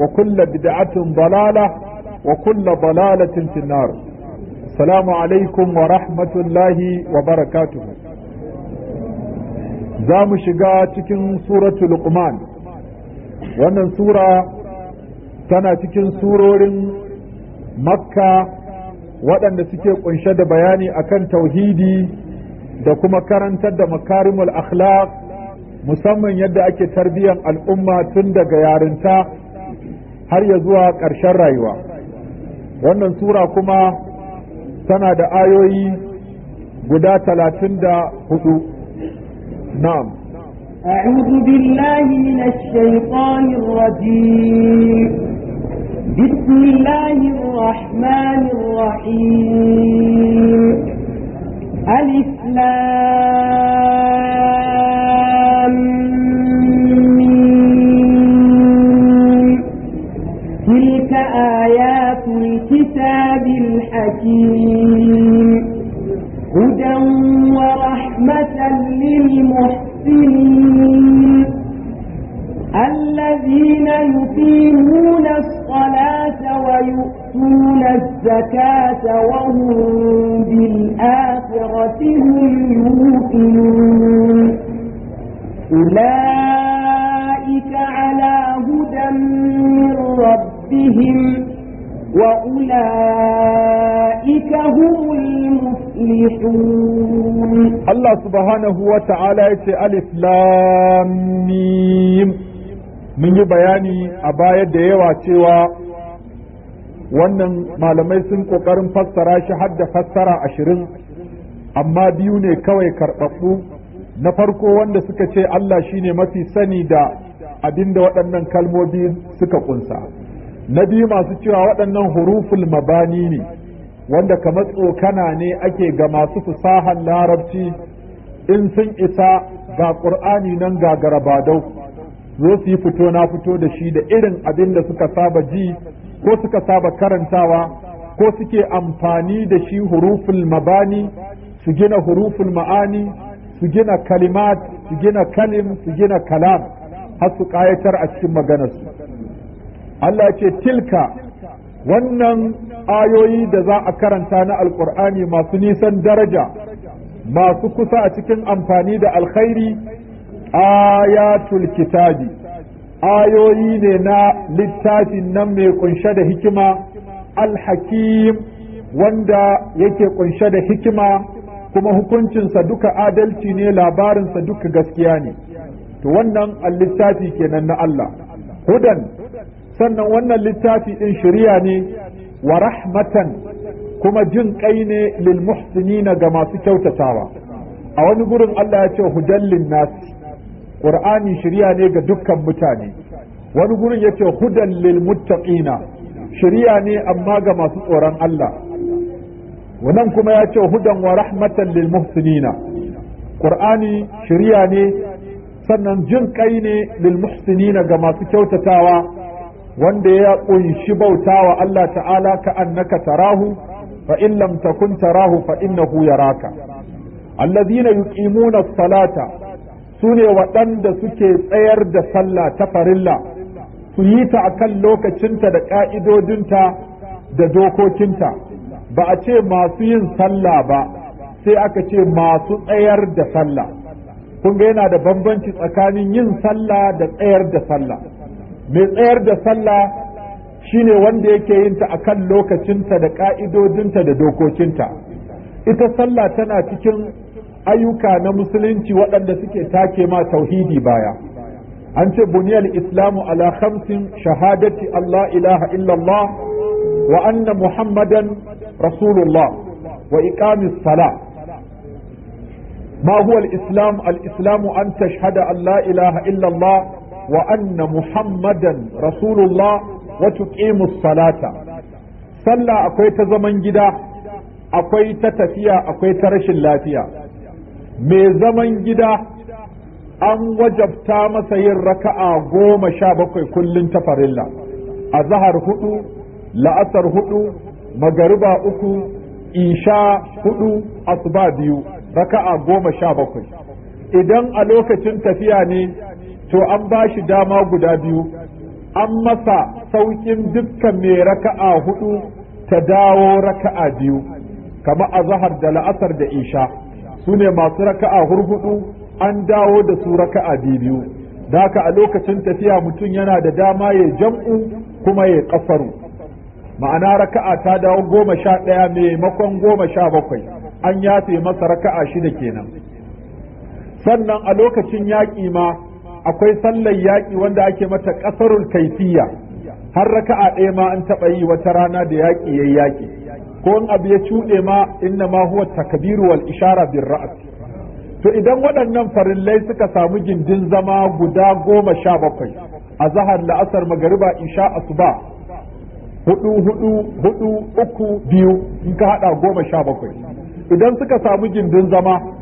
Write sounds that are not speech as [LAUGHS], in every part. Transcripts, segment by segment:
وكل بدعة ضلالة وكل ضلالة في النار السلام عليكم ورحمة الله وبركاته زام شقا تكن سورة لقمان wannan sura tana cikin surorin makka waɗanda suke ƙunshe da bayani akan tauhidi da kuma karantar da makarimul akhlaq musamman yadda ake tarbiyyar al'umma tun daga yarinta har ya zuwa ƙarshen rayuwa wannan sura kuma tana da ayoyi guda talatin da hudu na'am أعوذ بالله من الشيطان الرجيم بسم الله الرحمن الرحيم الإسلام تلك آيات الكتاب الحكيم هدى ورحمة للمحسنين الذين يقيمون الصلاة ويؤتون الزكاة وهم بالآخرة هم يوقنون أولئك على هدى ربهم وأولئك هم المفلحون الله سبحانه وتعالى يتي ألف لام mun yi bayani a baya da yawa cewa wannan malamai sun ƙoƙarin fassara shi har da fassara ashirin amma biyu ne kawai karɓaɓɓu na farko wanda suka ce Allah shine mafi sani da abinda waɗannan kalmobi suka ƙunsa na biyu masu cewa waɗannan huruful mabani ne wanda kamar tsokana ne ake ga masu fusahan larabci in sun isa ga ƙur'ani nan ga garabadau zo su yi fito na fito da shi da irin abin da suka saba ji ko suka saba karantawa ko suke amfani da shi huruful mabani su gina huruful ma'ani su gina kalimat su gina kalim su gina kalam har su ƙayatar a cikin maganarsu Allah ce tilka wannan ayoyi da za a karanta na alkur'ani masu nisan daraja masu kusa a cikin amfani da alkhairi ayatul kitabi ayoyi ne na littafin nan mai kunshe da hikima alhakim wanda yake kunshe da hikima kuma hukuncinsa duka adalci ne labarinsa duka gaskiya ne to wannan littafi kenan na Allah hudan sannan wannan littafi ɗin shirya ne wa rahmatan kuma jin kai ne lil muhsinina ga masu kyautatawa a wani gurin Allah ya ce hujallin nas qur'ani shirya ne ga dukkan mutane wani gurin ya ce hudan lil muttaqina shirya ne amma ga masu tsoron Allah wannan kuma ya ce hudan wa rahmatan lil muhsinina qur'ani shirya ne sannan jin kai ne lil muhsinina ga masu kyautatawa wanda ya kunshi bautawa Allah ta'ala ka annaka tarahu fa in lam takun tarahu fa innahu yaraka allazina yuqimuna as-salata sune waɗanda suke tsayar da sallah ta farilla su yi ta akan lokacinta da ka'idodinta da dokokinta ba a ce masu yin sallah ba sai aka ce masu tsayar da sallah kun ga yana da bambanci tsakanin yin sallah da tsayar da sallah mai tsayar da sallah shine wanda yake yin ta akan lokacinta da ƙa'idodinta da dokokinta ita sallah tana cikin ayyuka na musulunci waɗanda suke take ma tauhidi baya an ce buniyal islamu ala khamsin shahadati allah ilaha illallah wa anna muhammadan rasulullah wa iqamis salah ما هو الإسلام الإسلام أن تشهد أن wa muhammadan rasulullah wa tuqimus salata sallah akwai ta zaman gida akwai ta tafiya akwai ta rashin lafiya Me zaman gida an wajabta masa yin raka'a goma sha bakwai kullum ta farilla a zahar hudu la'asar hudu magariba uku isha hudu asuba biyu raka'a goma sha bakwai idan a lokacin tafiya ne to an ba shi dama guda biyu an masa saukin dukkan mai raka'a hudu ta dawo raka'a biyu kama a zahar da la'asar da isha su ne masu raka'a hurhudu an dawo da su raka'a biyu da haka a lokacin tafiya mutum yana da dama ya jam'u kuma ya kasaru ma'ana raka'a ta dawo goma sha ɗaya maimakon goma sha bakwai an yafe masa raka'a shida kenan sannan a lokacin yaƙi ma akwai sallar yaƙi wanda ake mata ƙasarul kaifiya har raka'a ɗaya ma an taɓa yi wata rana da yaƙi yayi yaƙi ko in abu ya cuɗe ma inna ma huwa takbiru wal ishara bin ra'as to idan waɗannan farillai suka samu gindin zama guda goma sha bakwai a zahar la'asar magariba isha asuba hudu hudu hudu uku biyu in ka haɗa goma sha bakwai idan suka samu gindin zama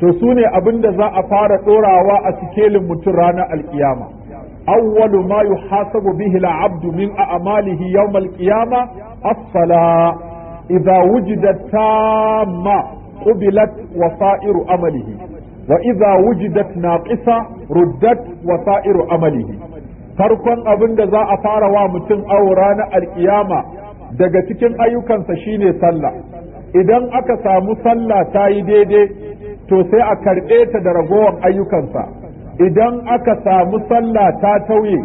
to su ne abin da za a fara ɗorawa a sikelin mutum ranar alkiyama awwalu ma yuhasabu bihi al-abdu min a'malihi yawm al-qiyama as-sala idha wujidat tamma qubilat wasa'iru amalihi wa idha wujidat naqisa ruddat wasa'iru amalihi farkon abin da za a fara wa mutum awo rana alƙiyama daga cikin ayyukansa shine sallah idan aka samu sallah ta yi daidai to sai a karɓe ta da ragowar ayyukansa idan aka samu sallah ta tauye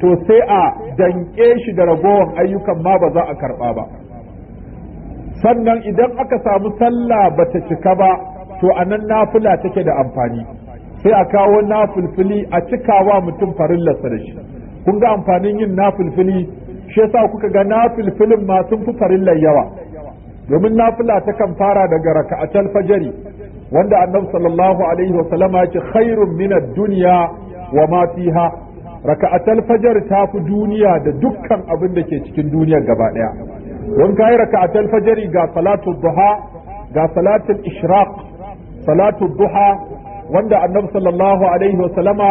to sai a danƙe shi da ragowar ayyukan ma ba za a karɓa ba sannan idan aka samu sallah ba ta cika ba to a nan nafila take da amfani sai a kawo nafilfili a cikawa mutum farillarsa da shi kun ga amfanin yin nafilfili shi yasa kuka ga nafilfilin ma sun fi farillar yawa domin nafula takan fara daga raka'atul fajri wanda annabi sallallahu alaihi wasallama ya ce khairun min ad-dunya wa ma fiha raka'atul fajr ta fi duniya da dukkan abin da ke cikin duniyar gaba daya don kai raka'atul fajr ga salatul duha ga salatul ishraq salatul duha wanda annabi sallallahu alaihi sallama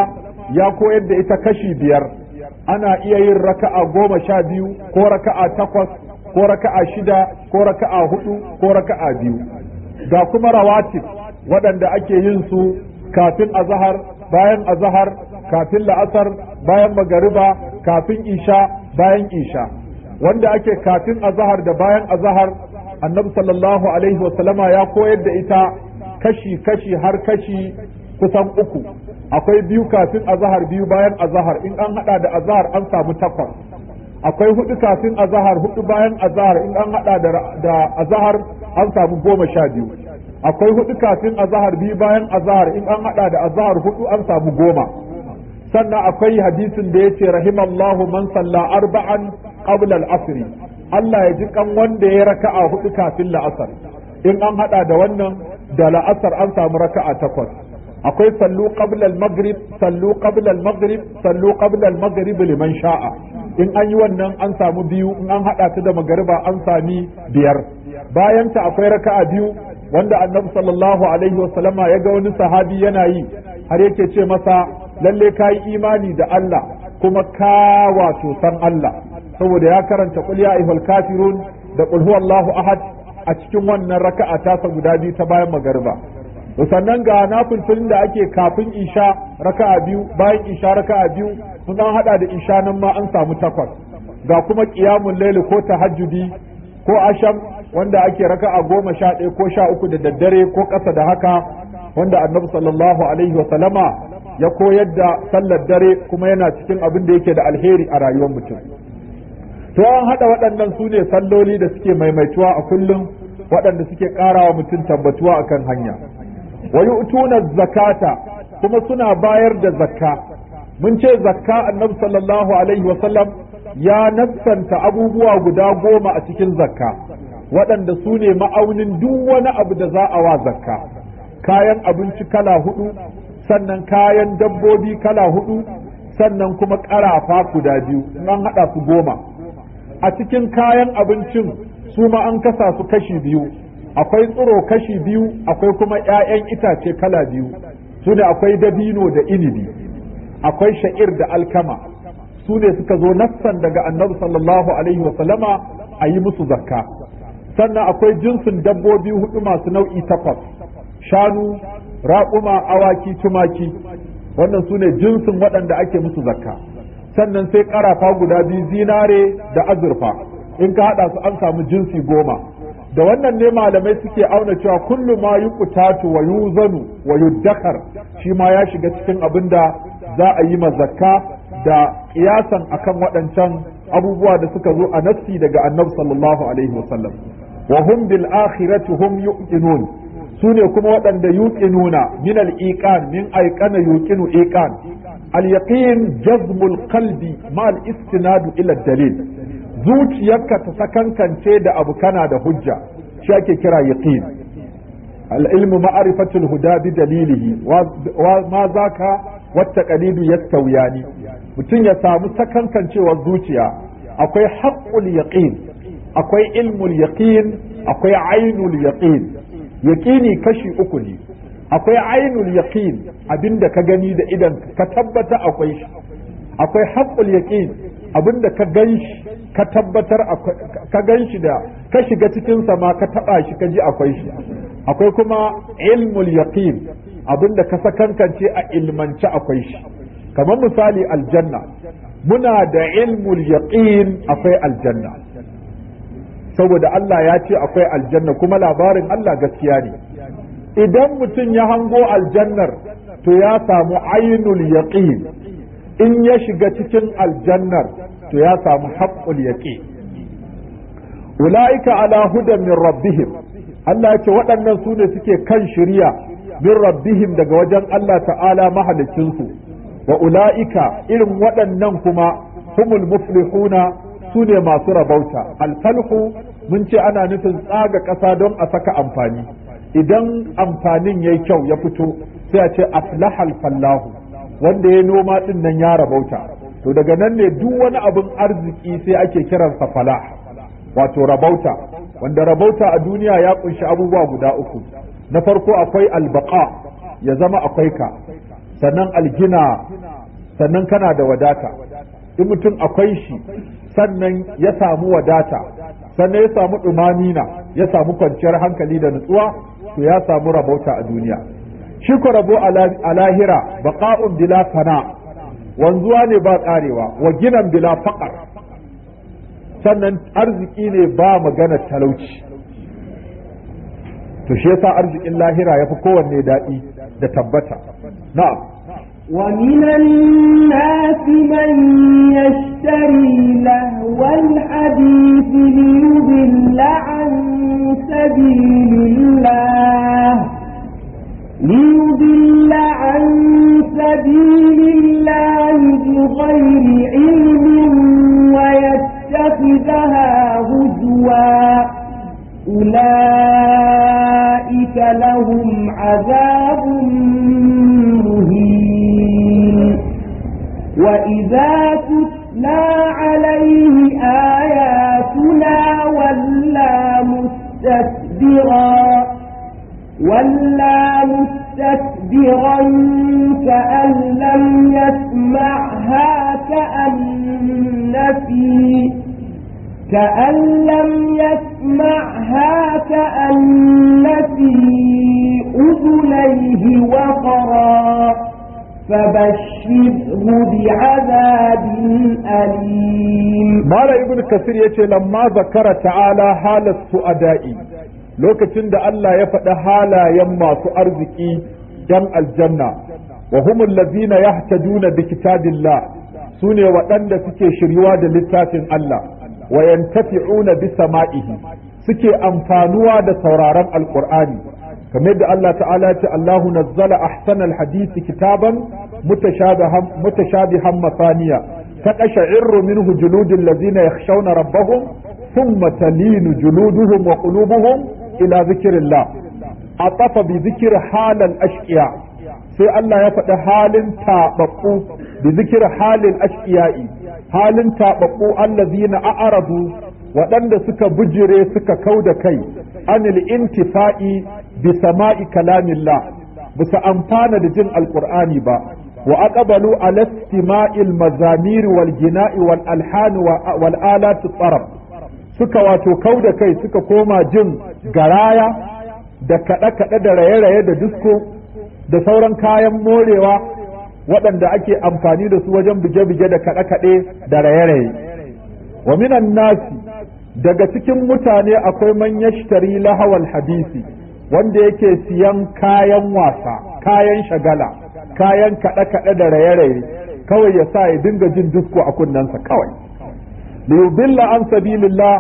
ya koyar da ita kashi biyar ana iya yin raka'a goma sha biyu ko raka'a takwas ko raka'a shida ko raka'a hudu ko raka'a biyu ga kuma rawatib waɗanda ake yin su kafin azahar bayan azahar kafin la'asar bayan magariba kafin isha bayan isha wanda ake kafin azahar da bayan azahar annabi sallallahu alaihi wasallama ya koyar da ita kashi kashi har kashi kusan uku akwai biyu kafin azahar biyu bayan azahar in an hada da azahar an samu takwas akwai hudu kafin azahar hudu bayan azahar in an hada da azahar an samu goma sha biyu akwai hudu kafin azahar biyu bayan azahar in an hada da azahar hudu an samu goma sannan akwai hadisin da yace rahimallahu man salla arba'an qabla al-asr Allah ya ji kan wanda ya raka'a hudu kafin la'asar in an hada da wannan da la'asar an samu raka'a takwas akwai sallu ƙablar al-maghrib sallu qabla al-maghrib sallu qabla al-maghrib liman sha'a in an yi wannan an samu biyu in an hada ta da magariba an sami biyar bayan ta akwai raka'a biyu wanda annabi sallallahu alaihi wasallama ya ga wani sahabi yana yi har yake ce masa lalle ka yi imani da Allah kuma ka wato san Allah saboda ya karanta qul ya ayyuhal kafirun da qul huwallahu ahad a cikin wannan raka'a ta sa guda biyu ta bayan magariba sannan ga nafilfilin da ake kafin isha raka'a biyu bayan isha raka'a biyu sun an hada da isha nan ma an samu takwas ga kuma qiyamul layl ko tahajjudi ko asham wanda ake raka a goma sha ɗaya ko sha uku da daddare ko ƙasa da haka wanda annabi sallallahu alaihi wa sallama ya koyar da sallar dare kuma yana cikin abin da yake da alheri a rayuwar mutum to an haɗa waɗannan su ne salloli da suke maimaituwa a kullum waɗanda suke ƙarawa mutum tabbatuwa akan hanya wayu utuna zakata kuma suna bayar da zakka mun ce zakka annabi sallallahu alaihi wa sallam ya nassanta abubuwa guda goma a cikin zakka waɗanda su ne ma'aunin duk wani abu da za a wa zakka kayan abinci kala hudu sannan kayan dabbobi kala hudu sannan kuma ƙarafa guda biyu an haɗa su goma a cikin kayan abincin su ma an kasa su kashi biyu akwai tsiro kashi biyu akwai kuma 'ya'yan itace kala biyu su ne akwai dabino da inibi akwai sha'ir da alkama su ne suka zo nassan daga annabi sallallahu alaihi wasallama a yi musu zakka sannan akwai jinsin dabbobi hudu masu nau'i takwas shanu raƙuma awaki tumaki wannan su ne jinsin waɗanda ake musu zakka sannan sai ƙarafa guda biyu zinare da azurfa in ka haɗa su an samu jinsi goma da wannan ne malamai suke auna cewa kullum ma yi kutatu wa yuzanu wa yuddakar shi ma ya shiga cikin abin da za a yi zakka da ƙiyasan akan waɗancan abubuwa da suka zo a nassi daga annabi sallallahu alaihi wasallam wa hum bil akhirati hum yuqinun su ne kuma waɗanda yuƙinuna min al iqan min ayqana yuqinu iqan al yaqin jazmul qalbi ma al istinadu ila dalil zuciyarka ta sakankance da abu kana da hujja shi ake kira yaqin al ilmu ma'rifatul huda bi dalilihi wa ma zaka wata kalibi yastawiyani mutum ya samu sakankance zuciya akwai haƙƙun yaqin akwai ilmul yaqin akwai ainul yaqin yaqini kashi uku ne akwai ainul yaqin abinda ka gani da idan ka tabbata akwai shi akwai haqqul yaqin abinda ka ganshi ka tabbatar ka ganshi da ka shiga cikin sa ma ka taba shi ka ji akwai shi akwai kuma ilmul yaqin abinda ka sakankance a ilmance akwai shi kamar misali aljanna muna da ilmul yaqin akwai aljanna saboda Allah ya ce akwai aljanna kuma labarin Allah gaskiya ne idan mutum ya hango aljannar to ya samu ainul yaqin in ya shiga cikin aljannar to ya samu haqqul yaqin ulaika ala hudan min rabbihim Allah ya ce waɗannan su ne suke kan shirya min rabbihim daga wajen Allah ta'ala mahalicinsu wa ula'ika irin waɗannan kuma humul muflihuna su ne masu rabauta alfalhu mun ce ana nufin tsaga ƙasa don a saka amfani idan amfanin ya yi kyau ya fito sai a ce aflahal fallahu wanda ya noma ɗin nan ya rabauta to daga nan ne duk wani abin arziki sai ake kiransa fala wato rabauta wanda rabauta a duniya ya kunshi abubuwa guda uku na farko akwai albaka ya zama akwai ka sannan algina sannan kana da wadata in mutum akwai shi sannan ya samu wadata sannan ya samu ɗumamina ya samu kwanciyar hankali da nutsuwa to ya samu rabauta a duniya shi ko rabo a lahira baqa'un bila fana wanzuwa ne ba karewa wa ginan bila faqar sannan arziki ne ba magana talauci to shi yasa arzikin lahira yafi kowanne daɗi da tabbata na'am ومن الناس من يشتري لهو الحديث ليضل عن سبيل الله ليضل عن سبيل الله بغير علم ويتخذها هزوا أولئك لهم عذاب وإذا تتلى عليه آياتنا ولا مستكبرا ولا مستكبرا كأن لم يسمعها كأن في كأن لم يسمعها كأن في أذنيه وقرا فبشره بعذاب أليم مال ابن كثير يقول لما ذكر تعالى حال السؤداء lokacin da Allah ya faɗi halayen masu arziki dan aljanna wa humul ladina yahtaduna likita kitabillah sune waɗanda suke shiryuwa da littafin Allah wa yantafi'una bi sama'ihi suke amfanuwa da sauraron alqur'ani kamar da Allah ta'ala ce Allahu nazzala ahsanal hadisi kitaban mutashabihan Ta kashe taqasha'irru minhu juludul lazina yakhshawna rabbahum thumma talinu juluduhum wa qulubuhum ila dhikrillah atafa bi dhikri halal ashqiya sai Allah ya faɗi halin taɓaɓɓu bi zikir halin ashqiya'i halin taɓaɓɓu allazina a'aradu waɗanda suka bujire suka kau da kai anil intifa'i bi sama'i kalamillah bisa amfana da jin alqur'ani ba wa aqbalu ala istima'il mazamir wal jina'i wal suka wato kauda kai suka koma jin garaya da kaɗe-kaɗe da raye-raye da disko da sauran kayan morewa waɗanda ake amfani da su wajen buge-buge da kaɗe-kaɗe da raye-raye wa minan nasi daga cikin mutane akwai man yashtari lahawal hadisi wanda yake siyan kayan wasa kayan shagala kayan kaɗe-kaɗe da raye-raye kawai ya sa ya dinga jin disko a kunnensa kawai liyubilla an sabilillah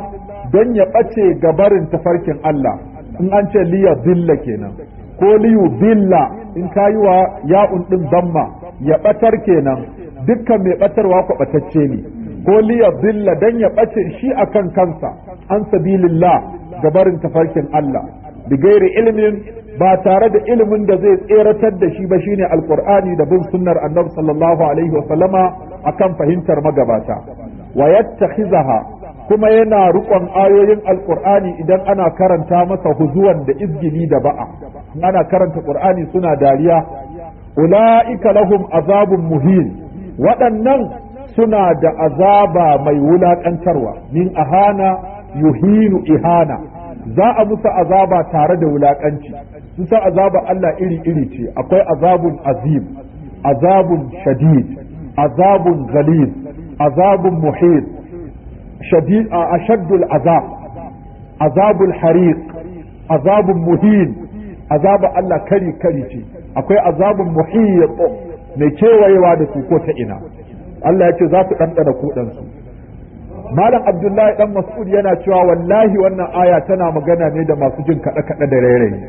don ya ɓace gabarin tafarkin Allah in an ce liya billa kenan ko liyu billa in ka yi wa ya'un ɗin zamma ya ɓatar kenan dukkan mai ɓatarwa ku ɓatacce ne ko liya billa don ya ɓace shi akan kansa an sabilillah gabarin tafarkin Allah bigairi ilimin ba tare da ilimin da zai tseratar da shi ba shine alqur'ani da bin sunnar annabi sallallahu alaihi wasallama akan fahimtar magabata wa yattakhizaha kuma yana rukon ayoyin alqur'ani idan ana karanta masa huzuwan da izgili da ba'a ana karanta qur'ani suna dariya ula'ika lahum azabun muhin waɗannan suna da azaba mai wulaƙantarwa min ahana yuhinu ihana za a musu azaba tare da wulakanci sun san azaba Allah iri iri ce akwai azabun azim azabun shadid azabun ghalid azabun muhit shadid ashaddul azab azabul hariq azabun muhin azaba Allah kari kari ce akwai azabun muhit mai kewayewa da su ko ta ina Allah ya ce za su ɗanɗana kuɗansu malam abdullahi dan mas'ud yana cewa wallahi wannan aya tana magana ne da masu jin kaɗe kaɗe da rairayi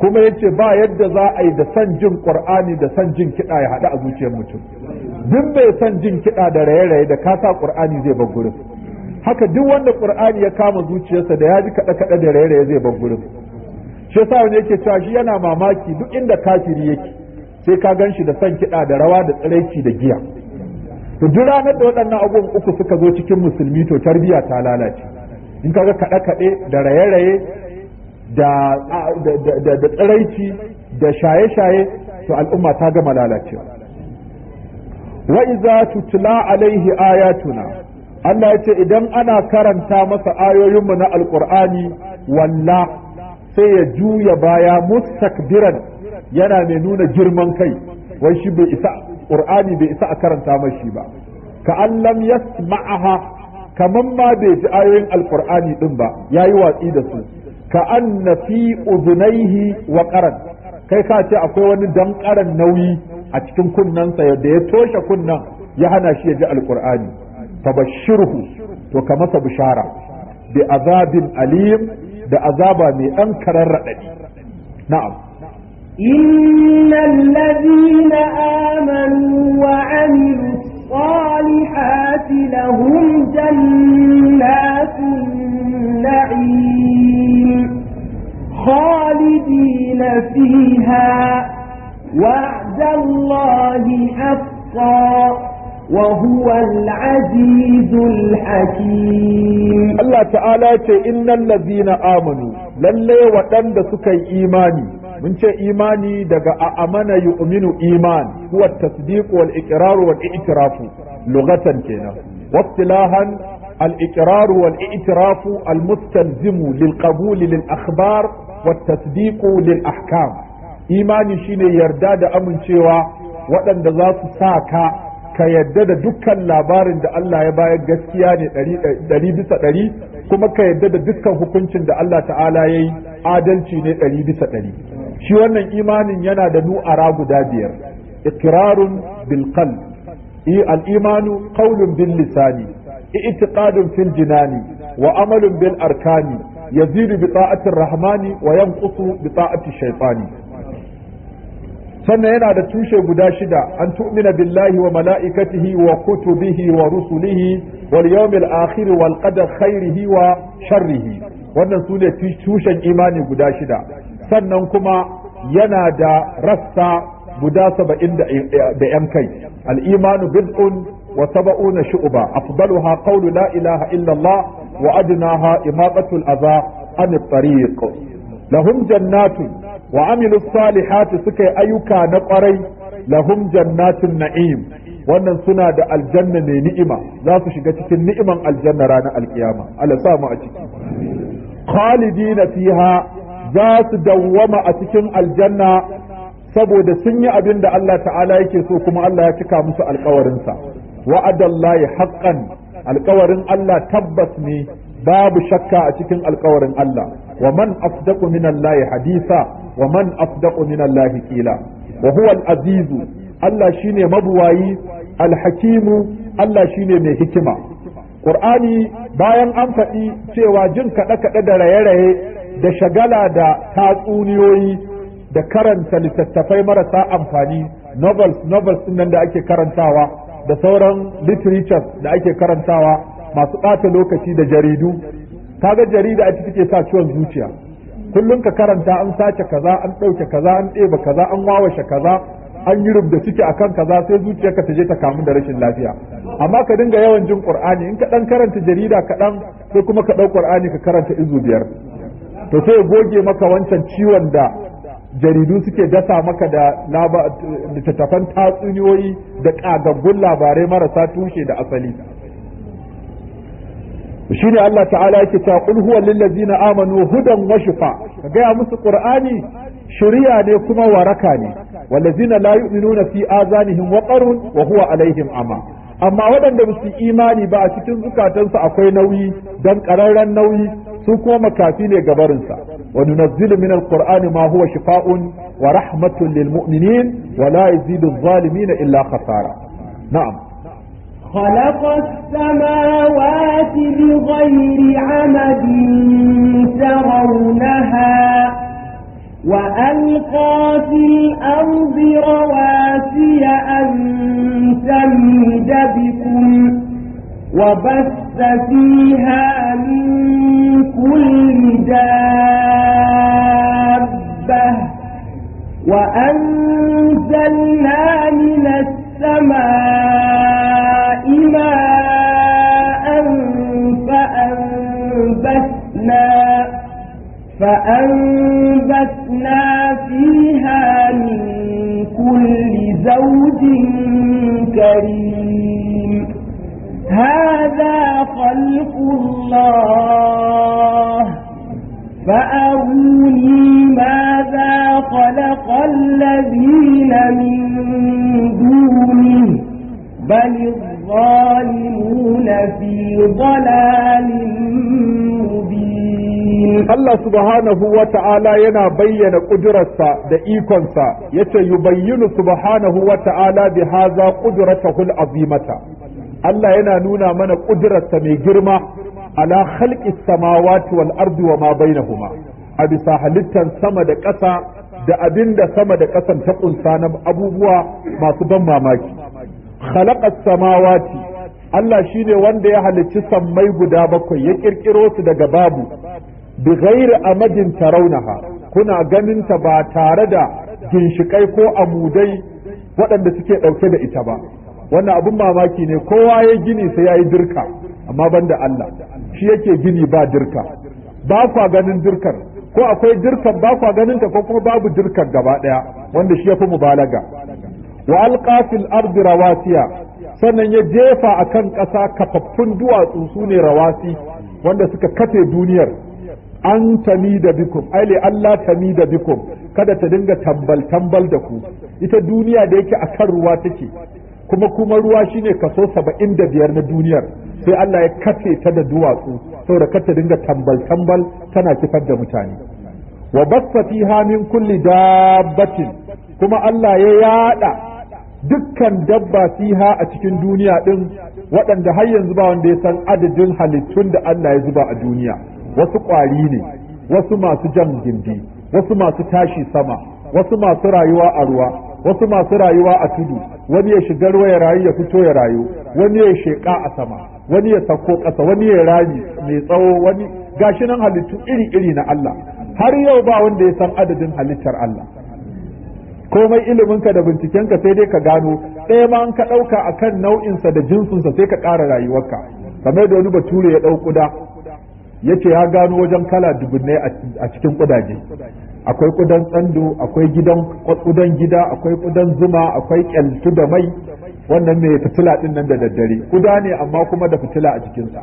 kuma yace ba yadda za a yi da san jin qur'ani da san jin kiɗa ya haɗu a zuciyar mutum duk bai san jin kiɗa da raye-raye da ka sa qur'ani zai bar gurin haka duk wanda qur'ani ya kama zuciyarsa da ya ji kaɗe kaɗe da rairayi zai bar gurin shi yasa wani yake cewa shi yana mamaki duk inda kafiri yake sai ka gan shi da san kiɗa da rawa da tsiraici da giya to ranar da waɗannan abubuwan uku suka zo cikin musulmi to tarbiya ta lalace in kaga kaɗe kaɗe da raye raye da da tsiraici da shaye shaye to al'umma ta gama lalacewa wa iza tutla alaihi ayatuna Allah ya ce idan ana karanta masa ayoyinmu na alkur'ani walla sai ya juya baya mustakbiran yana mai nuna girman kai wai shi bai isa qur'ani bai isa a karanta mashi ba ka allam yasma'aha kaman ma bai ji ayoyin alqur'ani din ba yayi watsi da su ka anna fi udunaihi wa qaran kai ka ce akwai wani danƙaran nauyi a cikin kunnensa yadda ya toshe kunnan ya hana shi ya ji alqur'ani bashirhu to ka masa bishara bi azabin alim da azaba mai ɗan karar na'am إن الذين آمنوا وعملوا الصالحات لهم جنات النعيم خالدين فيها وعد الله حقا وهو العزيز الحكيم الله تعالى إن الذين آمنوا للي وتند سكي إيماني mun ce imani daga amana yu'minu iman huwa tasdiq wal iqrar wal i'tiraf lughatan kenan wabtilahan al iqrar wal i'tiraf al mustalzimu lil qabul lil akhbar wat tasdiq lil ahkam imani shine yarda da amincewa waɗanda za su sa ka ka yadda da dukkan labarin da Allah ya bayar gaskiya ne ɗari bisa ɗari kuma ka yarda da dukkan hukuncin da Allah ta'ala ya yi adalci ne ɗari bisa ɗari shi wannan imanin yana da nu'ara guda biyar iqrarun bil qalb al imanu qawlun bil lisani i'tiqadun fil jinani wa amalun bil arkani yazidu bi ta'ati rahmani wa yanqusu bi ta'ati shaytani sannan yana da tushe guda shida an tu'mina billahi wa mala'ikatihi wa kutubihi wa rusulihi wal yawmil akhir wal qadar khairihi wa sharrihi wannan su ne tushen imani guda shida sannan kuma yana da rassa guda saba'in da yan kai al'imanu bid'un wa saba'una shu'uba afdaluha qawlu la ilaha illallah wa adnaha imaqatul aza an tariq lahum jannatun wa amilu salihati suka yi ayyuka na kwarai lahum jannatun na'im wannan suna da aljanna ne ni'ima za su shiga cikin ni'iman aljanna ranar alkiyama Allah sa mu a ciki khalidina fiha za su dawwama a cikin aljanna saboda sun yi abin da Allah ta'ala yake so kuma Allah ya cika musu alkawarinsa wa'adallahi haqqan alkawarin Allah tabbas ne babu shakka a cikin alkawarin Allah wa man afdaqu minallahi hadisa wa man afdaqu minallahi qila wa huwa al-azizu Allah shine mabuwayi al-hakimu Allah shine mai hikima Qur'ani bayan an faɗi cewa jin kaɗe-kaɗe da raye-raye da shagala da tatsuniyoyi da karanta littattafai marasa amfani novels novels din nan da ake karantawa da sauran literatures da ake karantawa masu ɓata lokaci da jaridu kaga jarida a take sa ciwon zuciya kullum ka karanta an sace kaza an ɗauke kaza an ɗeba kaza an wawashe kaza an yi rubda ciki akan kaza sai zuciyarka ta je ta kamu da rashin lafiya amma ka dinga yawan jin qur'ani in ka dan karanta jarida kaɗan sai kuma ka ɗau qur'ani ka karanta izu biyar to sai ya goge maka wancan ciwon da jaridu suke dasa maka da littattafan tatsuniyoyi da ƙagaggun labarai marasa tushe da asali shi ne Allah ta'ala yake ta qul huwa na amanu hudan wa ka gaya musu ƙur'ani. Shirya ne kuma waraka ne wallazina layu nuna fi azanihim waqarun wa huwa alaihim ama amma waɗanda ba su imani ba a cikin zukatansu akwai nauyi don ƙararren nauyi su kuma makafi ne gabarinsa wa nunazzilu min alqur'ani ma huwa shifaa'un wa rahmatun lil mu'minin wa la yazidu adh-dhalimin illa khasara na'am خلق السماوات بغير عمد ترونها وألقى في الأرض رواسي أن تميد بكم وبث فيها من كل دابة وأنزلنا من السماء ماء فأنبثنا فأنبثنا الله فأروني ماذا خلق الذين من دونه بل الظالمون في ضلال Allah subhanahu wa ta'ala yana bayyana ƙudurarsa da ikonsa ya ce yubayyinu subhanahu wa ta'ala bi haza ƙudurata hul azimata. Allah yana nuna mana ƙudurarsa mai girma ala khalqis samawati wal ardi wa ma bainahuma a bisa halittan sama da ƙasa da abin da sama da ƙasan ta kunsa na abubuwa masu ban mamaki khalaqas samawati Allah shine wanda ya halicci sammai guda bakwai ya kirkiro su daga babu bi ghairi amadin tarawnaha kuna ganin ta ba tare da ginshikai ko amudai waɗanda suke ɗauke da ita ba wannan abin mamaki ne kowa ya gini sai ya yi dirka amma ban da Allah shi yake gini ba dirka ba kwa ganin dirkar ko akwai dirkan ba kwa ganin ta ko kuma babu dirkan gaba daya wanda shi yafi mubalaga wa alqafil fil ardi rawasiya sannan ya jefa akan ƙasa kafaffun duwatsu sune rawasi wanda suka kafe duniyar an tamida bikum le Allah tamida bikum kada ta dinga tambal tambal da ku ita duniya da yake akan ruwa take kuma kuma ruwa shine kaso 75 na duniyar sai Allah ya kace ta da duwatsu saboda kar ta dinga tambal tambal tana kifar da mutane wa bassa fiha min kulli dabbatin kuma Allah ya yada dukkan dabba fiha a cikin duniya din waɗanda har yanzu ba wanda ya san adadin halittun da Allah ya zuba a duniya wasu ƙwari ne wasu masu jan gindi wasu masu tashi sama wasu masu rayuwa a ruwa wasu masu rayuwa a tudu wani ya shiga ruwa ya rayu ya fito ya rayu wani ya sheka a sama wani ya sauko ƙasa wani ya rami mai tsawo wani gashi nan halittu iri iri na Allah har yau ba wanda ya san adadin halittar Allah komai iliminka da bincikenka sai dai ka gano ɗaya ma an ka ɗauka a kan nau'insa da jinsinsa sai ka ƙara rayuwarka kamar da wani bature ya ɗau kuda yace ya gano wajen kala dubunnai a cikin ƙudaje. akwai kudan tsandu, akwai gidan kudan gida akwai kudan zuma akwai kyaltu da mai wannan mai fitila din nan da daddare kuda ne amma kuma da fitila a jikinsa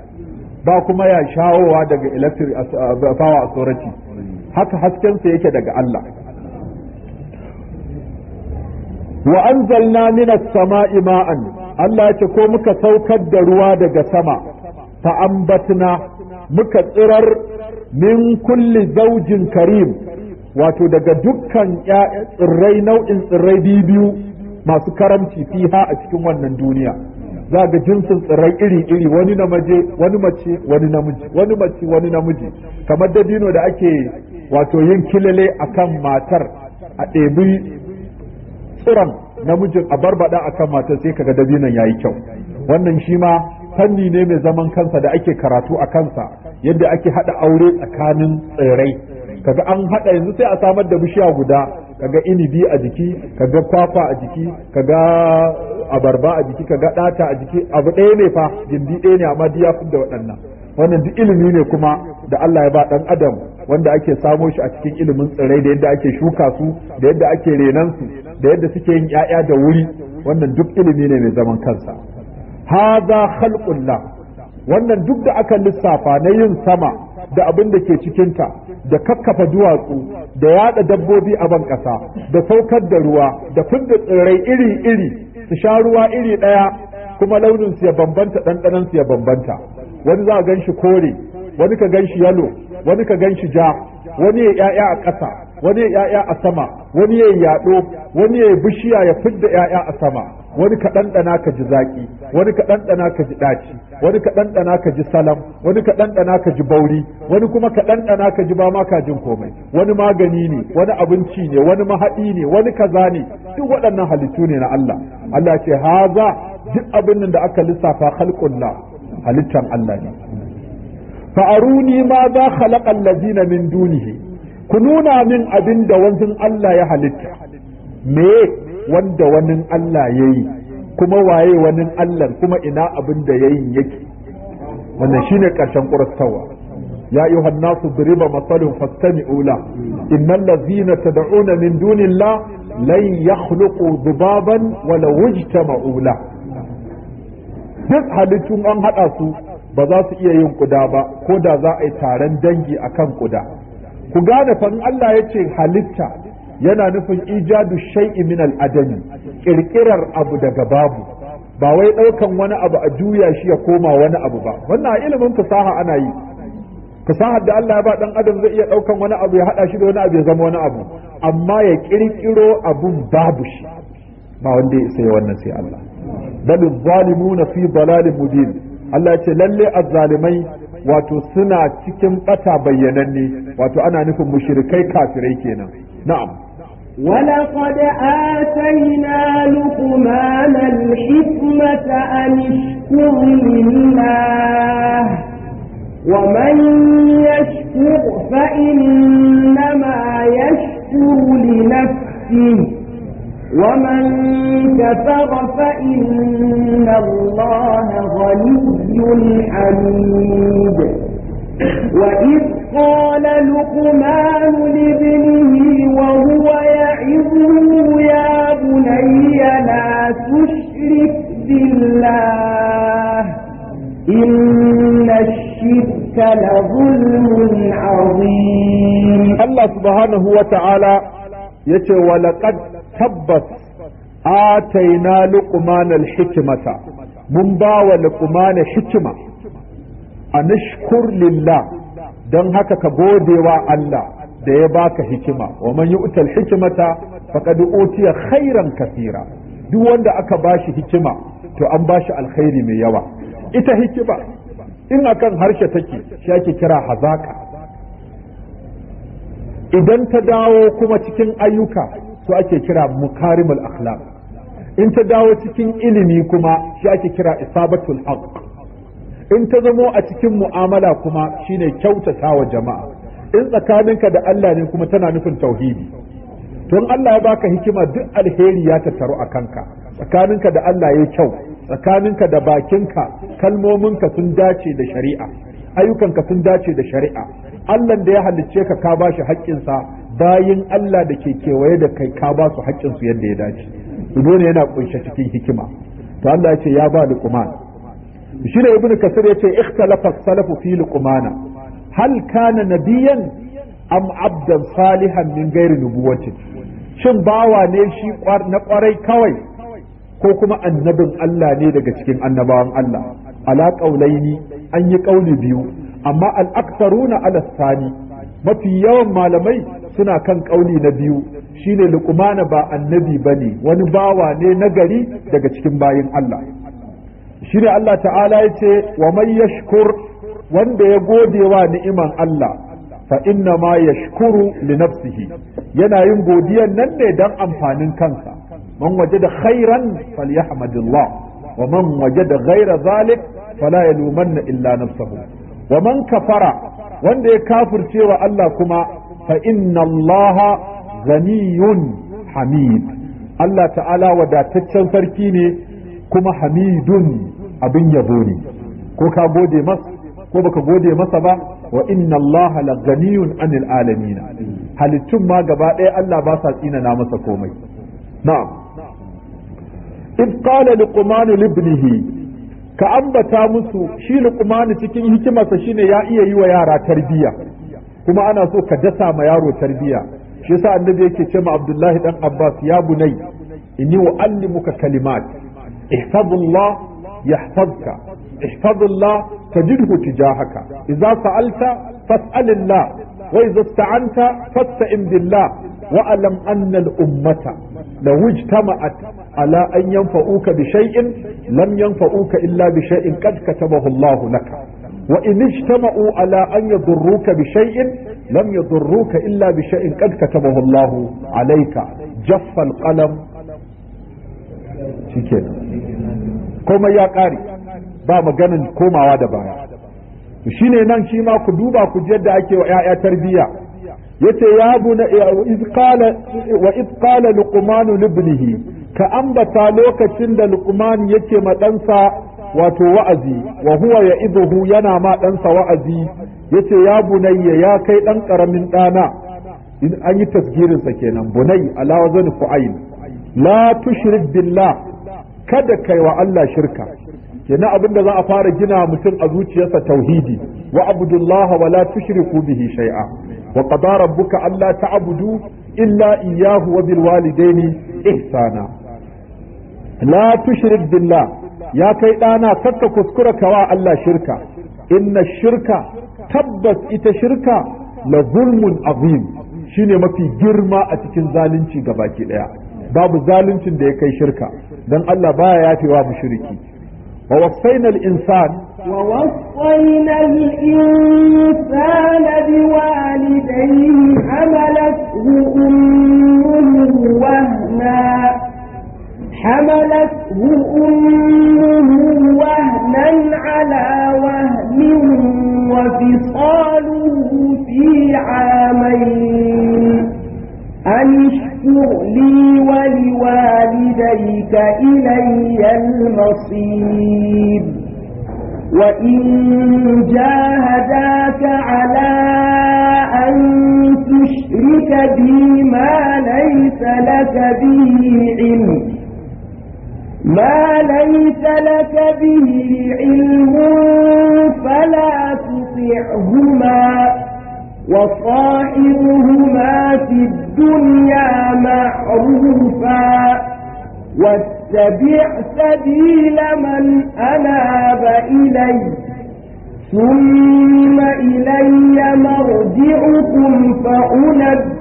ba kuma ya shawowa daga electric power authority haka haskensa yake daga Allah wa anzalna minas sama'i ma'an Allah ya ce ko muka saukar da ruwa daga sama fa ambatna muka tsirar min kulli zaujin karim wato daga dukkan tsirrai nau'in tsirrai biyu biyu masu karamci fiha a cikin wannan duniya za ga jinsin tsirrai iri-iri wani namaje wani mace wani namiji wani mace wani namiji kamar dabino da ake wato yin kilale akan matar a ɗebi tsiran namijin a barbada akan matar sai kaga dabinon yayi kyau wannan shi ma fanni ne mai zaman kansa da ake karatu a kansa yadda ake haɗa aure tsakanin tsirrai kaga an haɗa yanzu sai a samar da bishiya guda kaga inibi a jiki kaga kwakwa a jiki kaga abarba a jiki kaga ɗata a jiki abu ɗaya ne fa gindi ɗaya ne amma duk ya da waɗannan wannan duk ilimi ne kuma da Allah ya ba ɗan adam wanda ake samo shi a cikin ilimin tsirrai da yadda ake shuka su da yadda ake renan su da yadda suke yin 'ya'ya da wuri wannan duk ilimi ne mai zaman kansa haza khalqullah wannan duk da aka lissafa na yin sama da abin da ke cikinta da kakkafa duwatsu da yada dabbobi a ban ƙasa, da saukar da ruwa da fidda tsirrai iri-iri su sha ruwa iri ɗaya kuma launin su ya bambanta ɗanɗanon su ya bambanta wani za a gan shi kore wani ka gan shi yalo wani ka gan shi ja wani ya 'ya'ya a ƙasa wani ya 'ya'ya a sama wani yayi yaɗo wani yayi bishiya ya fidda ‘ya'ya a sama wani ka ɗanɗana ka ji zaƙi wani ka ɗanɗana ka ji ɗaci wani ka ɗanɗana ka ji salam wani ka ka ji bauri wani kuma ka ɗanɗana ka ji ba ma ka jin komai wani magani ne wani abinci ne wani mahaɗi ne wani kaza ne duk waɗannan halittu ne na Allah Allah ce haza duk abin da aka lissafa khalqullah halittan Allah ne fa'aruni ma za khalaqa allazina min dunihi ku nuna min abin da wani Allah ya halitta me wanda wani Allah ya yi kuma waye wani Allah kuma ina abin da ya yi yake wannan shine karshen ƙurastawa يا أيها الناس ضرب ula? فاستمعوا له إن الذين تدعون من دون الله لن يخلقوا ذبابا wala اجتمعوا ma'ula. duk halittun an haɗa su ba za su iya yin kuda ba ko da za a yi taron dangi a kan kuda ku gane fa in Allah ya ce halitta yana nufin ijadu shay'i min al-adami kirkirar abu daga babu ba wai daukan wani abu a juya shi ya koma wani abu ba wannan ilimin fasaha ana yi fasahar da Allah ya ba dan adam zai iya daukan wani abu ya hada shi da wani abu ya zama wani abu amma ya kirkiro abun babu shi ba wanda ya sai wannan sai Allah bal zalimuna fi dalalin mubin Allah ya ce lalle azzalimai wato suna cikin bata bayyananne wato ana nufin mushrikai kafirai kenan na'am ولقد آتينا لقمان الحكمة أن اشكر لله ومن يشكر فإنما يشكر لنفسه ومن كفر فإن الله غني حميد وإذ قال لقمان لابنه وهو يعظه يا بني لا تشرك بالله إن الشرك لظلم عظيم الله سبحانه وتعالى يتي ولقد تبت آتينا لقمان الحكمة من باوى لقمان حكمة anashkur lillah don haka ka gode wa Allah da ya baka hikima wa man yu'tal hikimata faqad utiya khairan kasira duk wanda aka bashi hikima to an bashi alkhairi mai yawa ita hikima in akan harshe take shi ake kira hazaka idan ta dawo kuma cikin ayyuka to ake kira mukarimul akhlaq in ta dawo cikin ilimi kuma shi ake kira isabatul haqq in ta zamo a cikin mu'amala kuma shine kyautata wa jama'a in tsakaninka da Allah ne kuma tana nufin tauhidi don Allah ya baka hikima duk alheri ya tattaru a kanka tsakaninka da Allah ya kyau tsakaninka da bakinka ka sun dace da shari'a ayyukanka sun dace da shari'a Allah da ya halicce ka ka bashi haƙƙinsa bayin Allah da ke kewaye da kai ka ba su haƙƙinsu yadda ya dace dole yana ƙunshe cikin hikima to Allah ya ce ya ba luqman shi ne Ibn kasir ce ikhtalafa salafu fi luqmana hal kana nabiyan am abdan salihan min ghairi nubuwatin shin bawa ne shi na kwarai kawai ko kuma annabin Allah ne daga cikin annabawan Allah ala qaulaini an yi ƙauni biyu amma al aktharuna ala sani mafi yawan malamai suna kan kauli na biyu shine luqmana ba annabi bane wani bawa ne nagari daga cikin bayin Allah shi ne Allah ta'ala ya ce wa mai yashkur wanda ya gode wa ni'iman Allah fa inna ma yashkuru li nafsihi yana yin godiyan nan ne dan amfanin kansa man da khairan falyahmadillah wa man waje da ghaira zalik fala yalumanna illa nafsahu wa man kafara wanda ya kafirce wa Allah kuma fa inna Allah ghaniyun hamid Allah ta'ala wadataccen sarki ne kuma hamidun abin yabo ne ko ka gode masa ko baka gode masa ba wa inna Allah la ganiyun anil alamin halittun ma gaba ɗaya Allah ba sa tsinana masa komai na'am id qala liqman libnihi ka ambata musu shi luqman cikin hikimarsa shine ya iya yi wa yara tarbiyya kuma ana so ka dasa ma yaro tarbiyya shi yasa annabi yake ce ma Abdullahi dan Abbas ya bunai inni uallimuka kalimat احفظ الله يحفظك احفظ الله تجده تجاهك إذا سألت فاسأل الله وإذا استعنت فاستئن بالله وألم أن الأمة لو اجتمعت على أن ينفعوك بشيء لم ينفعوك إلا بشيء قد كتبه الله لك وإن اجتمعوا على أن يضروك بشيء لم يضروك إلا بشيء قد كتبه الله عليك جف القلم شكرا komai ya ƙare ba maganin komawa da baya shine nan shi ma ku duba ku ji yadda ake wa 'ya'ya tarbiyya yace ya buna iz qala wa iz qala luqman libnihi ka ambata lokacin da luqman yake ma ɗansa wato wa'azi wa huwa ya'iduhu yana ma ɗansa wa'azi yace ya bunayya ya kai ɗan karamin ɗana in an yi tasgirinsa kenan bunai ala wazan fu'ail la tushrik billah kada kai wa Allah shirka kenan abin da za a fara gina mutum a zuciyarsa tauhidi wa abudullaha wa la tushriku bihi shay'a wa qada rabbuka alla ta'budu illa iyyahu wa bil walidaini ihsana la tushrik billah ya kai dana kakka kuskura kawa Allah shirka inna shirka tabbas ita shirka la zulmun azim shine mafi girma a cikin zalunci gabaki daya babu zaluncin da ya kai shirka dan Allah baya yafewa mushriki wa wasaina al-insan wa wasaina al-insana biwalidayhi hamalathu ummuhu wahna حملته أمه وهنا على وهن وفصاله في عامين أن اغفر لي ولوالديك إلي المصير وإن جاهداك على أن تشرك بي ما ليس لك به علم ما ليس لك به علم فلا تطعهما وصاحبهما في الدنيا معروفا واتبع سبيل من أناب إلي ثم إلي مرجعكم فأنبئ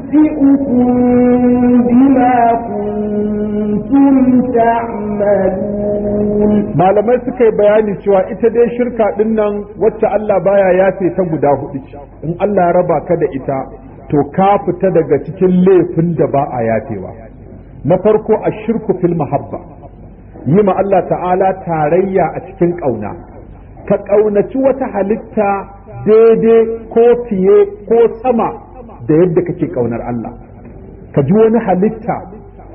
malamai suka yi bayani cewa ita dai shirka din nan wacce Allah baya yafe ta guda hudu in Allah ya raba ka da ita to ka fita daga cikin laifin da ba a yafewa na farko a shirku fil mahabba yi ma Allah ta'ala tarayya a cikin ƙauna ka ƙaunaci wata halitta daidai ko fiye ko sama da yadda kake ƙaunar Allah ka ji wani halitta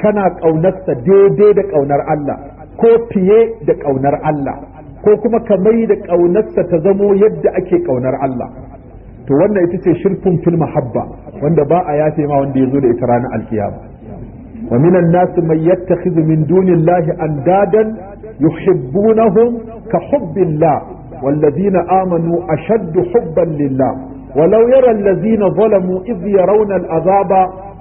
kana ƙaunarsa daidai da ƙaunar Allah ko fiye da ƙaunar Allah ko kuma ka mai da ƙaunarsa ta zamo yadda ake ƙaunar Allah to wannan ita ce shirkun fil mahabba wanda ba a yafe ma wanda ya zo da ita ranar alkiyama wa minan nas man yattakhidhu min dunillahi andadan yuhibbunahum ka hubbillah والذين آمنوا أشد حبا لله ولو يرى الذين ظلموا إذ يرون العذاب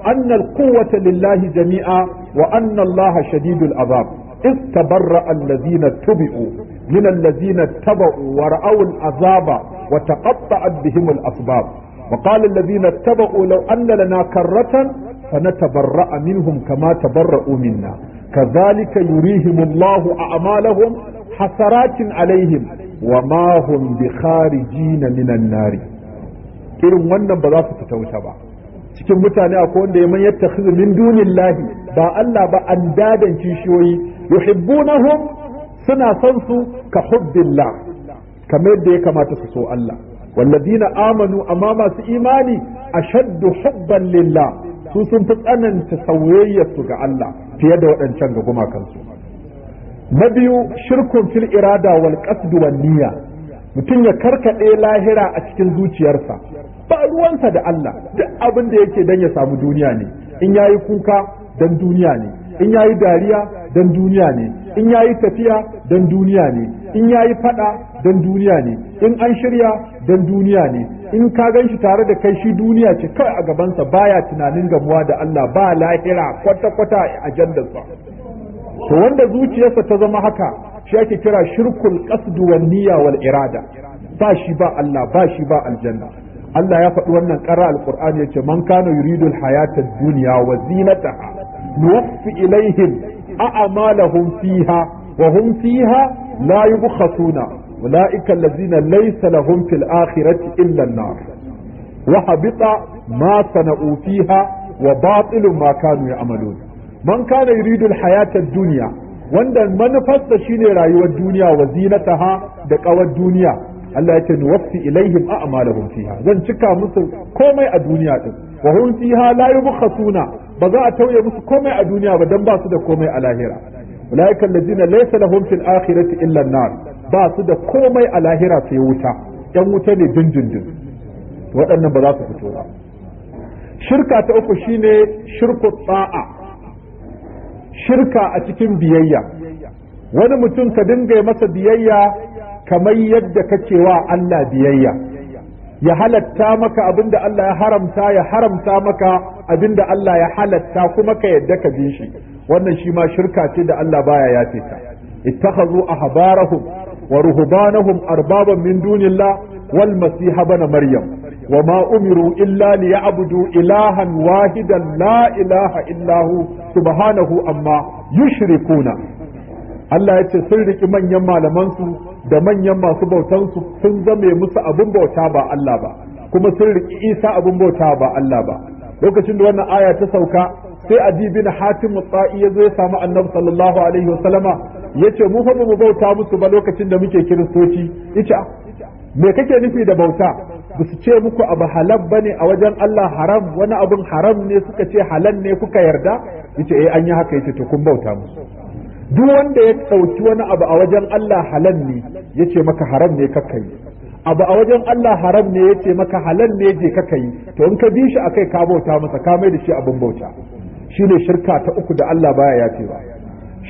أن القوة لله جميعا وأن الله شديد العذاب إذ تبرأ الذين اتبعوا من الذين اتبعوا ورأوا العذاب وتقطعت بهم الأسباب وقال الذين اتبعوا لو أن لنا كرة فنتبرأ منهم كما تبرأوا منا كذلك يريهم الله أعمالهم حسرات عليهم وما هم بخارجين من النار irin wannan ba za su fita wuta ba cikin mutane akwai wanda ya man yattakhidhu min dunillahi ba Allah ba an dadan kishiyoyi yuhibbunahum suna son su ka hubbillah kamar yadda ya kamata su so Allah walladina amanu amma masu imani ashaddu hubban lillah su sun fi tsananta sauyayyarsu ga Allah fiye da waɗancan ga gumakansu na biyu shirkun fil irada wal qasd wan niyya mutum ya karkade lahira a cikin zuciyarsa ba ruwansa da Allah duk abin da yake dan ya samu duniya ne in yayi kuka dan duniya ne in yayi dariya dan duniya ne in yayi tafiya dan duniya ne in yayi fada dan duniya ne in an shirya dan duniya ne in ka gan shi tare da kai shi duniya ce kawai a gabansa baya tunanin gamuwa da Allah ba lahira kwata-kwata a ajandarsa to wanda zuciyarsa ta zama haka shi ake kira shirkul qasdu wan niyya wal irada ba shi ba Allah ba shi ba aljanna Allah ya faɗi wannan ƙara alƙur'ani ya ce man kana yuridu alhayata dunya wa zinataha nuwaffi ilaihim a'malahum fiha wa hum fiha la yubkhasuna ulaika allazina laysa lahum fil akhirati illa an-nar wa habita ma sana'u fiha wa batilun ma kanu ya'malun man kana yuridu alhayata dunya wanda manufarsa shine rayuwar duniya wa zinataha da kawar duniya Allah ya ce nuwaffi ilaihim a'malahum fiha zan cika musu komai a duniya din wa hum fiha la yubkhasuna ba za a tauye musu komai a duniya ba dan ba su da komai a lahira ulaika allazina laysa lahum fil akhirati illa an-nar ba su da komai a lahira sai wuta yan wuta ne dindindin waɗannan ba za su fito ba shirka ta uku shine shirku tsa'a shirka a cikin biyayya wani mutum ka dinga masa biyayya kamar yadda ka ce wa Allah biyayya ya halatta maka abinda Allah ya haramta ya haramta maka abinda Allah ya halatta kuma ka yadda ka bi shi wannan shi ma shirka ce da Allah baya yace ta ittakhazu ahbarahum wa ruhbanahum arbaban min dunillah wal masiha bana maryam وما أمروا إلا ليعبدوا إلها واحدا لا إله إلا هو سبحانه أما يشركون Allah ya ce sun riƙi manyan malamansu da manyan masu bautansu sun zame musu abin bauta ba Allah ba kuma sun riƙi Isa abin bauta ba Allah ba lokacin da wannan aya ta sauka sai Adi bin Hatim Tsa'i ya zo ya samu Annabi sallallahu alaihi wasallama yace mu fa mu bauta musu ba lokacin da muke kiristoci yace ah, me kake nufi da bauta ba su ce muku abu halal bane a wajen Allah haram wani abin haram ne suka ce halal ne kuka yarda yace eh an yi haka yace to kun bauta musu duk wanda ya ɗauki wani abu a wajen Allah halal ne ya maka haram ne kakka yi abu a wajen Allah haram ne ya maka halal ne je ka yi to in ka bi shi akai ka bauta masa ka mai da shi abin bauta shine shirka ta uku da Allah baya ce ba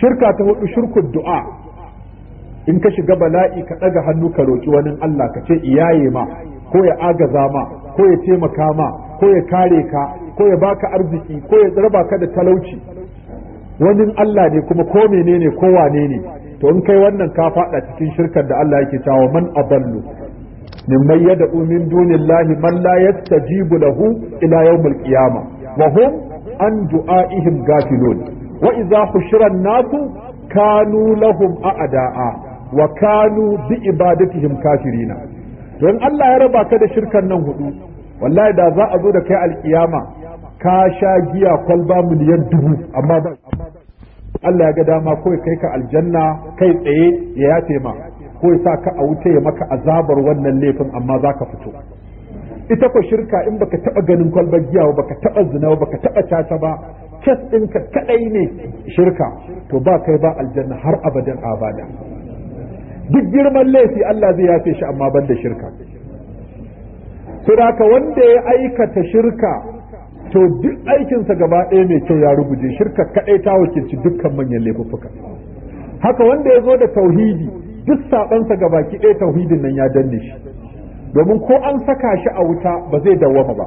shirka ta hudu shirkun du'a in ka shiga bala'i ka ɗaga hannu ka roki wani Allah ka ce iyaye ma ko ya agaza ma ko ya taimaka ma ko ya kare ka ko ya baka arziki ko ya tsarba ka da talauci wani Allah ne kuma ko menene ko wane ne to in kai wannan ka faɗa cikin shirkar da Allah yake cewa man aballu mimman yad'u min dunillahi man la yastajibu lahu ila yawmil qiyamah wa hum an du'aihim gafilun wa idza hushira an-nasu kanu lahum a'da'a wa kanu bi ibadatihim kafirina don Allah ya raba ka da shirkan nan hudu wallahi da za a zo da kai alkiyama ka sha giya kwalba miliyan dubu amma ba Allah ya ga dama ko kai ka aljanna kai tsaye ya yafe ma ko ya sa ka a wuce ya maka azabar wannan laifin amma za ka fito ita ko shirka in baka taba ganin kwalbar giya ba baka taba zina ba baka taba caca ba kes ka kaɗai ne shirka to ba kai ba aljanna har abadan abada duk girman laifi Allah zai yafe shi amma ban da shirka. Saboda wanda ya aikata shirka to duk aikinsa gaba ɗaya mai kyau ya rubuje shirka kaɗai ta wakilci dukkan manyan laifuka haka wanda ya zo da tauhidi duk saɓansa gaba ki ɗaya tauhidin nan ya danne shi domin ko an saka shi a wuta ba zai dawwama ba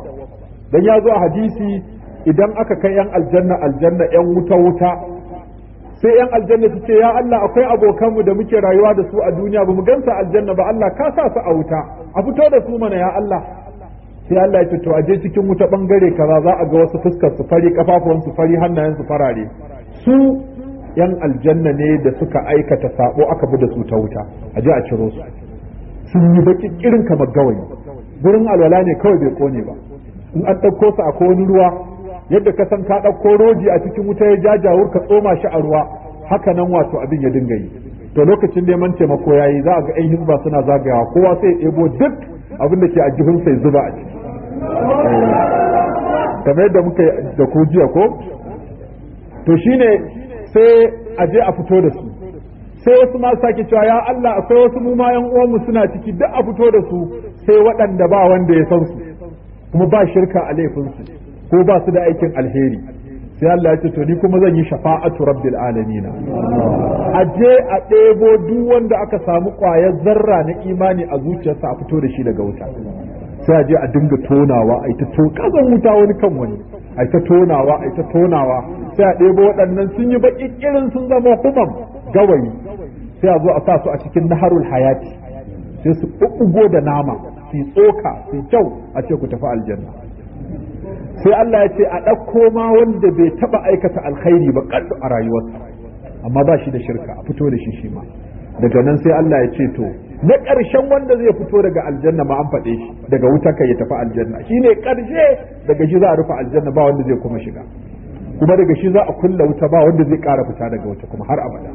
dan ya zo a hadisi idan aka kai yan aljanna aljanna yan wuta wuta sai yan aljanna su ce ya Allah akwai abokanmu da muke rayuwa da su a duniya ba mu gansa aljanna ba Allah ka sa su a wuta a fito da su mana ya Allah sai Allah ya ce to aje cikin wuta bangare kaza za a ga wasu fuskar su fari kafafuwan su fari hannayen su farare su yan aljanna ne da suka aikata sabo aka bi da su ta wuta aje a ciro su sun yi baki irin kamar gawayi gurin alwala ne kawai bai kone ba in an ɗauko su a wani ruwa yadda ka san ka ɗauko roji a cikin wuta ya jajawur ka tsoma shi a ruwa haka nan wato abin ya dinga yi to lokacin neman taimako yayi za a ga 'yan hizba suna zagayawa kowa sai ya ɗebo duk abin da ke a jihun sai zuba a ciki kamar yadda muka da ku jiya ko to shine sai a je a fito da su sai wasu ma sake cewa ya Allah akwai wasu mu ma yan uwanmu suna ciki duk a fito da su sai waɗanda ba wanda ya san su kuma ba shirka a laifin su ko ba su da aikin alheri sai Allah ya ce to ni kuma zan yi shafa'atu rabbil alamin a je a ɗebo duk wanda aka samu ƙwayar zarra na imani a zuciyarsa a fito da shi daga wuta sai a je a dinga tonawa a ita to kazan wuta wani kan wani a ita tonawa a ita tonawa sai a ɗebo waɗannan sun yi baƙi irin sun zama kuma gawayi sai a zo a sa su a cikin naharul hayati sai su ɓuɓɓugo da nama su tsoka su kyau a ce ku tafi aljanna sai Allah ya ce a ɗauko ma wanda bai taɓa aikata alkhairi ba ƙaddu a rayuwarsa amma ba shi da shirka a fito da shi shi ma daga nan sai Allah ya ce to na ƙarshen wanda zai fito daga aljanna ma an faɗe shi daga wuta kai ya tafi aljanna shine ƙarshe daga shi za a rufe aljanna ba wanda zai kuma shiga kuma daga shi za a kulla wuta ba wanda zai ƙara fita daga wuta kuma har abada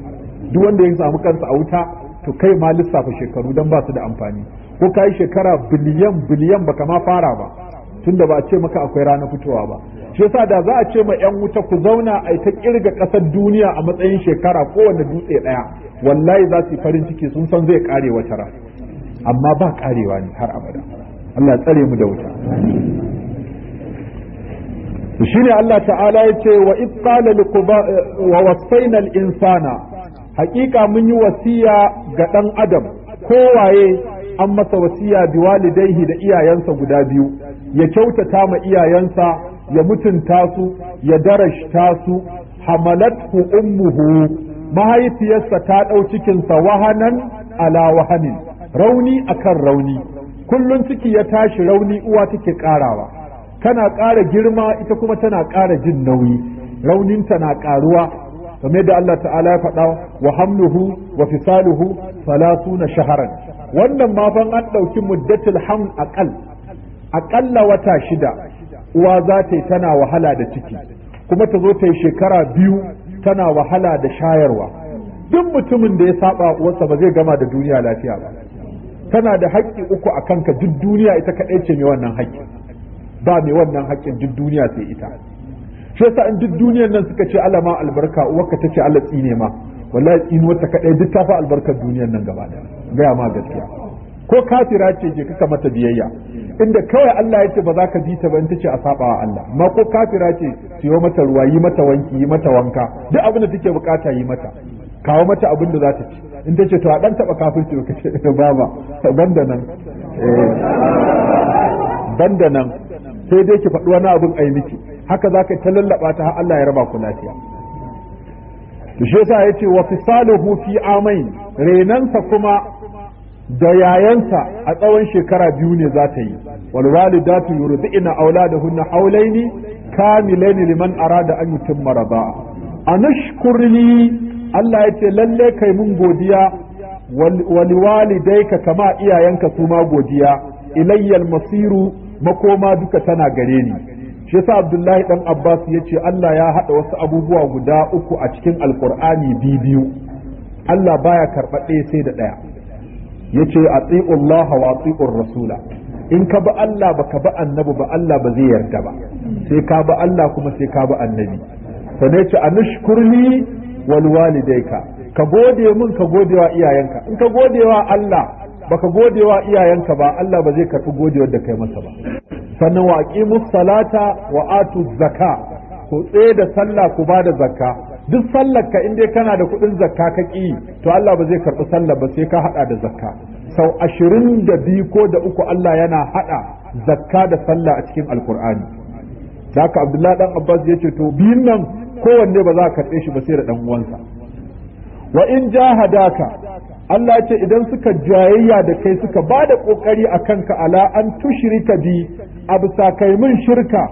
duk wanda ya samu kansa a wuta to kai ma lissafa shekaru dan ba su da amfani ko kai shekara biliyan biliyan baka ma fara ba tunda ba a ce maka akwai rana fitowa ba shi yasa da za a ce ma yan wuta ku zauna a ta kirga ƙasar duniya a matsayin shekara kowane dutse daya wallahi za su yi farin ciki sun san zai kare wata ra amma ba karewa ne har abada Allah tsare mu da wuta shine Allah ta'ala ya ce wa id qala wa wasaina al-insana haƙiƙa mun yi wasiya ga dan adam kowaye an masa wasiya bi walidaihi da iyayensa guda biyu ya kyautata ma iyayensa ya mutunta su ya darashta su hamalatku ummuhu mahaifiyarsa ta ɗau cikinsa wahanan ala wahanin rauni akan rauni kullun ciki ya tashi rauni uwa take ƙarawa kana ƙara girma ita kuma tana ƙara jin nauyi rauninta na ƙaruwa kamar da Allah ta'ala ya faɗa wa hamluhu wa fisaluhu na shaharan wannan ma an ɗauki muddatul haml aqal aƙalla wata shida uwa za ta yi tana wahala da ciki kuma ta zo ta yi shekara biyu tana wahala da shayarwa duk mutumin da ya saba uwarsa ba zai gama da duniya lafiya ba tana da haƙƙi uku a kanka duk duniya ita kaɗai ce mai wannan haƙƙi ba mai wannan haƙƙin duk duniya sai ita shi yasa in duk duniyar nan suka ce Allah ma albarka uwarka ta ce Allah tsine ma wallahi tsinuwar ta kaɗai duk ta fa albarkar duniyar nan gaba ɗaya gaya ma gaskiya ko kafira ce je kaka mata biyayya inda kawai Allah ya ce ba za ka bi ta ba in ce a saba wa Allah ma ko kafira ce siyo mata ruwa yi mata wanki yi mata wanka duk abin da take bukata yi mata kawo mata abin da za ta ci in ta ce to a dan taba kafirci ba kace [LAUGHS] ba banda nan eh. banda nan sai dai ki faɗi wani abin ai miki haka zaka ta lallaba ta har Allah ya raba ku lafiya to shi yasa yace wa fisaluhu fi amain renansa kuma da yayansa a tsawon shekara biyu ne za ta yi wal walidatu yurdi'na auladahunna haulaini kamilaini liman arada an yutimma raba'a anashkurni Allah ya ce lalle kai mun godiya wal walidayka kama iyayenka su ma godiya ilayyal masiru makoma duka tana gare ni shi yasa Abdullahi dan Abbas yace Allah ya hada wasu abubuwa guda uku a cikin Alqur'ani biyu Allah baya karɓa ɗaya sai da ɗaya yace a Allah wa ati'u rasula in ka bi Allah ba ka bi annabi ba Allah ba zai yarda ba sai ka bi Allah kuma sai ka bi annabi sanai ce anushkurli wal walidayka ka gode min ka godewa iyayenka in ka wa Allah baka wa iyayenka ba Allah ba zai karbi godewar da kai masa ba sannan wa aqimus salata wa atuz zaka ku tsaye da sallah ku bada zakka duk sallar in dai kana da kuɗin zakka ka ƙi to Allah ba zai karɓi sallar ba sai ka haɗa da zakka sau ashirin da biyu ko da uku Allah yana haɗa zakka da sallah a cikin alkur'ani da haka abdullahi dan abbas ya ce to biyun nan kowanne ba za ka karɓe shi ba sai da ɗan uwansa wa in jahadaka Allah ce idan suka jayayya da kai suka ba da ƙoƙari a kanka ala an tushrika bi abu kai mun shirka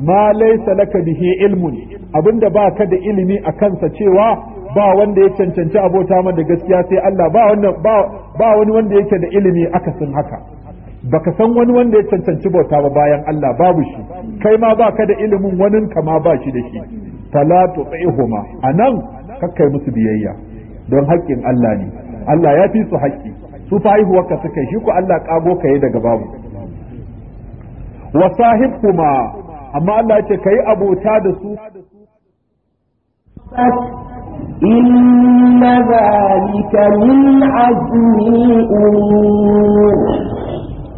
ma laysa laka bihi ilmun abinda baka da ilimi a kansa cewa ba wanda ya cancanci abota man da gaskiya sai Allah ba wannan ba wani wanda yake da ilimi akasin haka baka san wani wanda ya cancanci bauta ba bayan Allah babu shi kai ma baka da ilimin wanin ka ma ba shi da shi talatu tu'ihuma anan kakkai musu biyayya don haƙƙin Allah ne Allah ya fi su haƙƙi su fa ka suka shi ku Allah kago ka daga babu wa sahibkuma amma Allah ya ce kai abota da su إن ذلك من عزم الأمور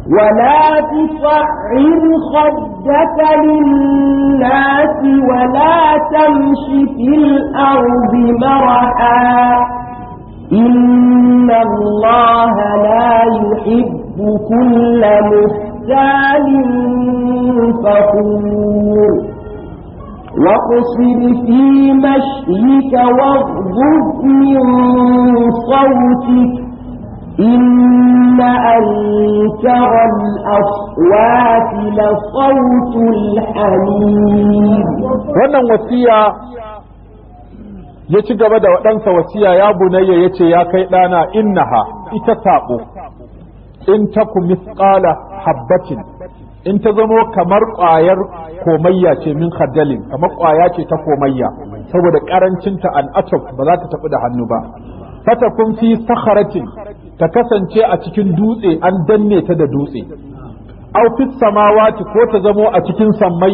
ولا تصعر خدك للناس ولا تمش في الأرض مرحا إن الله لا يحب كل مفتر رجال فخور واقصد في مشيك واغضب من صوتك إن wasiya ya ci gaba da waɗansa wasiya ya bunayya ya ce ya kai ɗana innaha ita saɓo in taku misƙala habbatin in ta zamo kamar ƙwayar komayya ce min haddalin kamar ƙwaya ce ta komayya saboda ƙarancinta an atok ba za ta tafi da hannu ba kun fi sakharatin ta kasance a cikin dutse an danne ta da dutse aw fi samawati ko ta zamo a cikin sammai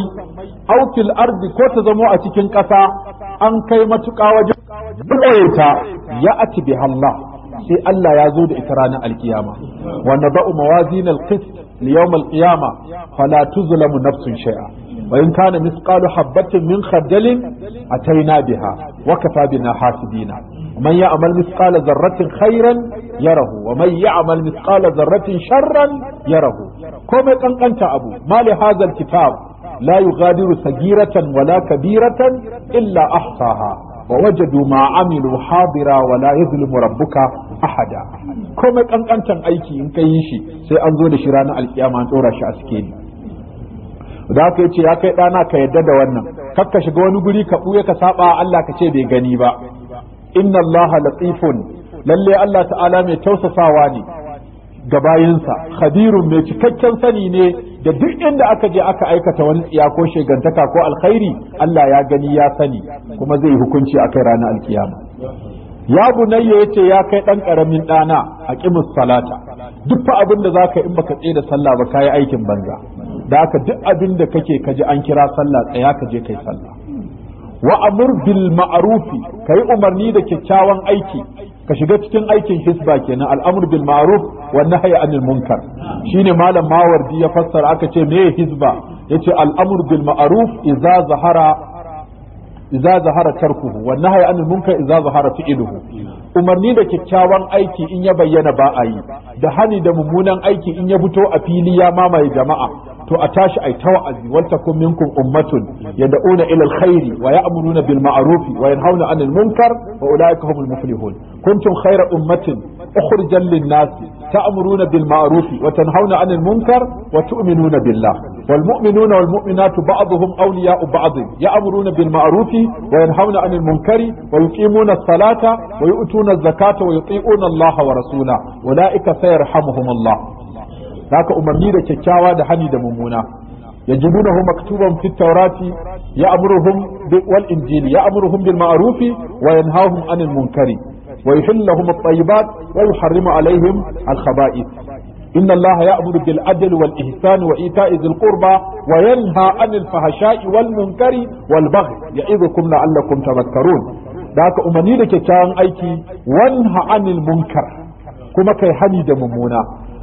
aw fil ardi ko ta zamo a cikin ƙasa an kai matuƙa wajen ta ya ati bi Allah sai Allah ya zo da ita ranar alkiyama wa nadau mawazin alqist ليوم القيامة فلا تظلم نفس شيئا وإن كان مثقال حبة من خردل أتينا بها وكفى بنا حاسبين ومن يعمل مثقال ذرة خيرا يره ومن يعمل مثقال ذرة شرا يره كما كنت أبو ما لهذا الكتاب لا يغادر صغيرة ولا كبيرة إلا أحصاها ووجدوا ما عملوا حاضرا ولا يظلم ربك أحدا komai kankantan aiki in ka yi shi sai an zo da shi ranar alkiyama an ɗora shi a sikeli da haka yace ya kai ɗana ka yadda da wannan kar ka shiga wani guri ka ɓuya ka saba Allah ka ce bai gani ba inna Allah latifun lalle Allah ta'ala mai tausasawa ne ga bayinsa khabirun mai cikakken sani ne da duk inda aka je aka aikata wani tsiya ko shegantaka ko alkhairi Allah ya gani ya sani kuma zai hukunci akai ranar alkiyama ya bunayya yace ya kai dan karamin dana aqimus salata duk fa abin da zaka in baka tsaye da sallah ba kayi aikin banza da haka duk abin da kake kaji an kira sallah tsaya ka je kai sallah wa amur bil ma'rufi kai umarni da kyakkyawan aiki ka shiga cikin aikin hisba kenan al'amur bil ma'ruf wa nahyi anil munkar shine malam mawardi ya fassara aka ce me hisba yace al'amur bil ma'ruf idza zahara Iza zahara tarkuhu wa nahyi anil munkar iza zahara fi'iluhu umarni da kyakkyawan aiki in ya bayyana ba a yi da hani da mummunan aiki in ya fito a fili ya mamaye jama'a to a tashi ai ta wa'azi wal takum minkum ummatun yad'una ila alkhairi wa ya'muruna bil ma'ruf wa yanhauna 'anil munkar wa ulaika humul muflihun kuntum khayra ummatin ukhrijat lin nas ta'muruna bil ma'ruf wa tanhauna 'anil munkar wa tu'minuna billah wal mu'minuna wal mu'minatu ba'dhum awliya'u ba'd ya'muruna bil ma'ruf wa yanhauna 'anil munkari wa yuqimuna as-salata wa yu'tuna az-zakata wa yuti'una Allah wa rasulahu ulaika sayarhamuhum Allah haka umarni da kyakkyawa da hani da mummuna yajidunahu maktuban fit tawrati ya'muruhum bil wal injili ya'muruhum bil ma'rufi wa yanhahum anil munkari wa yuhilluhum at-tayyibat wa yuharrimu alaihim al-khaba'ith إن الله يأمر بالعدل والإحسان وإيتاء ذي القربى وينهى عن الفحشاء والمنكر والبغي يعظكم لعلكم تذكرون ذاك أمني لك كان أيكي وانهى عن المنكر كما كي da دممونا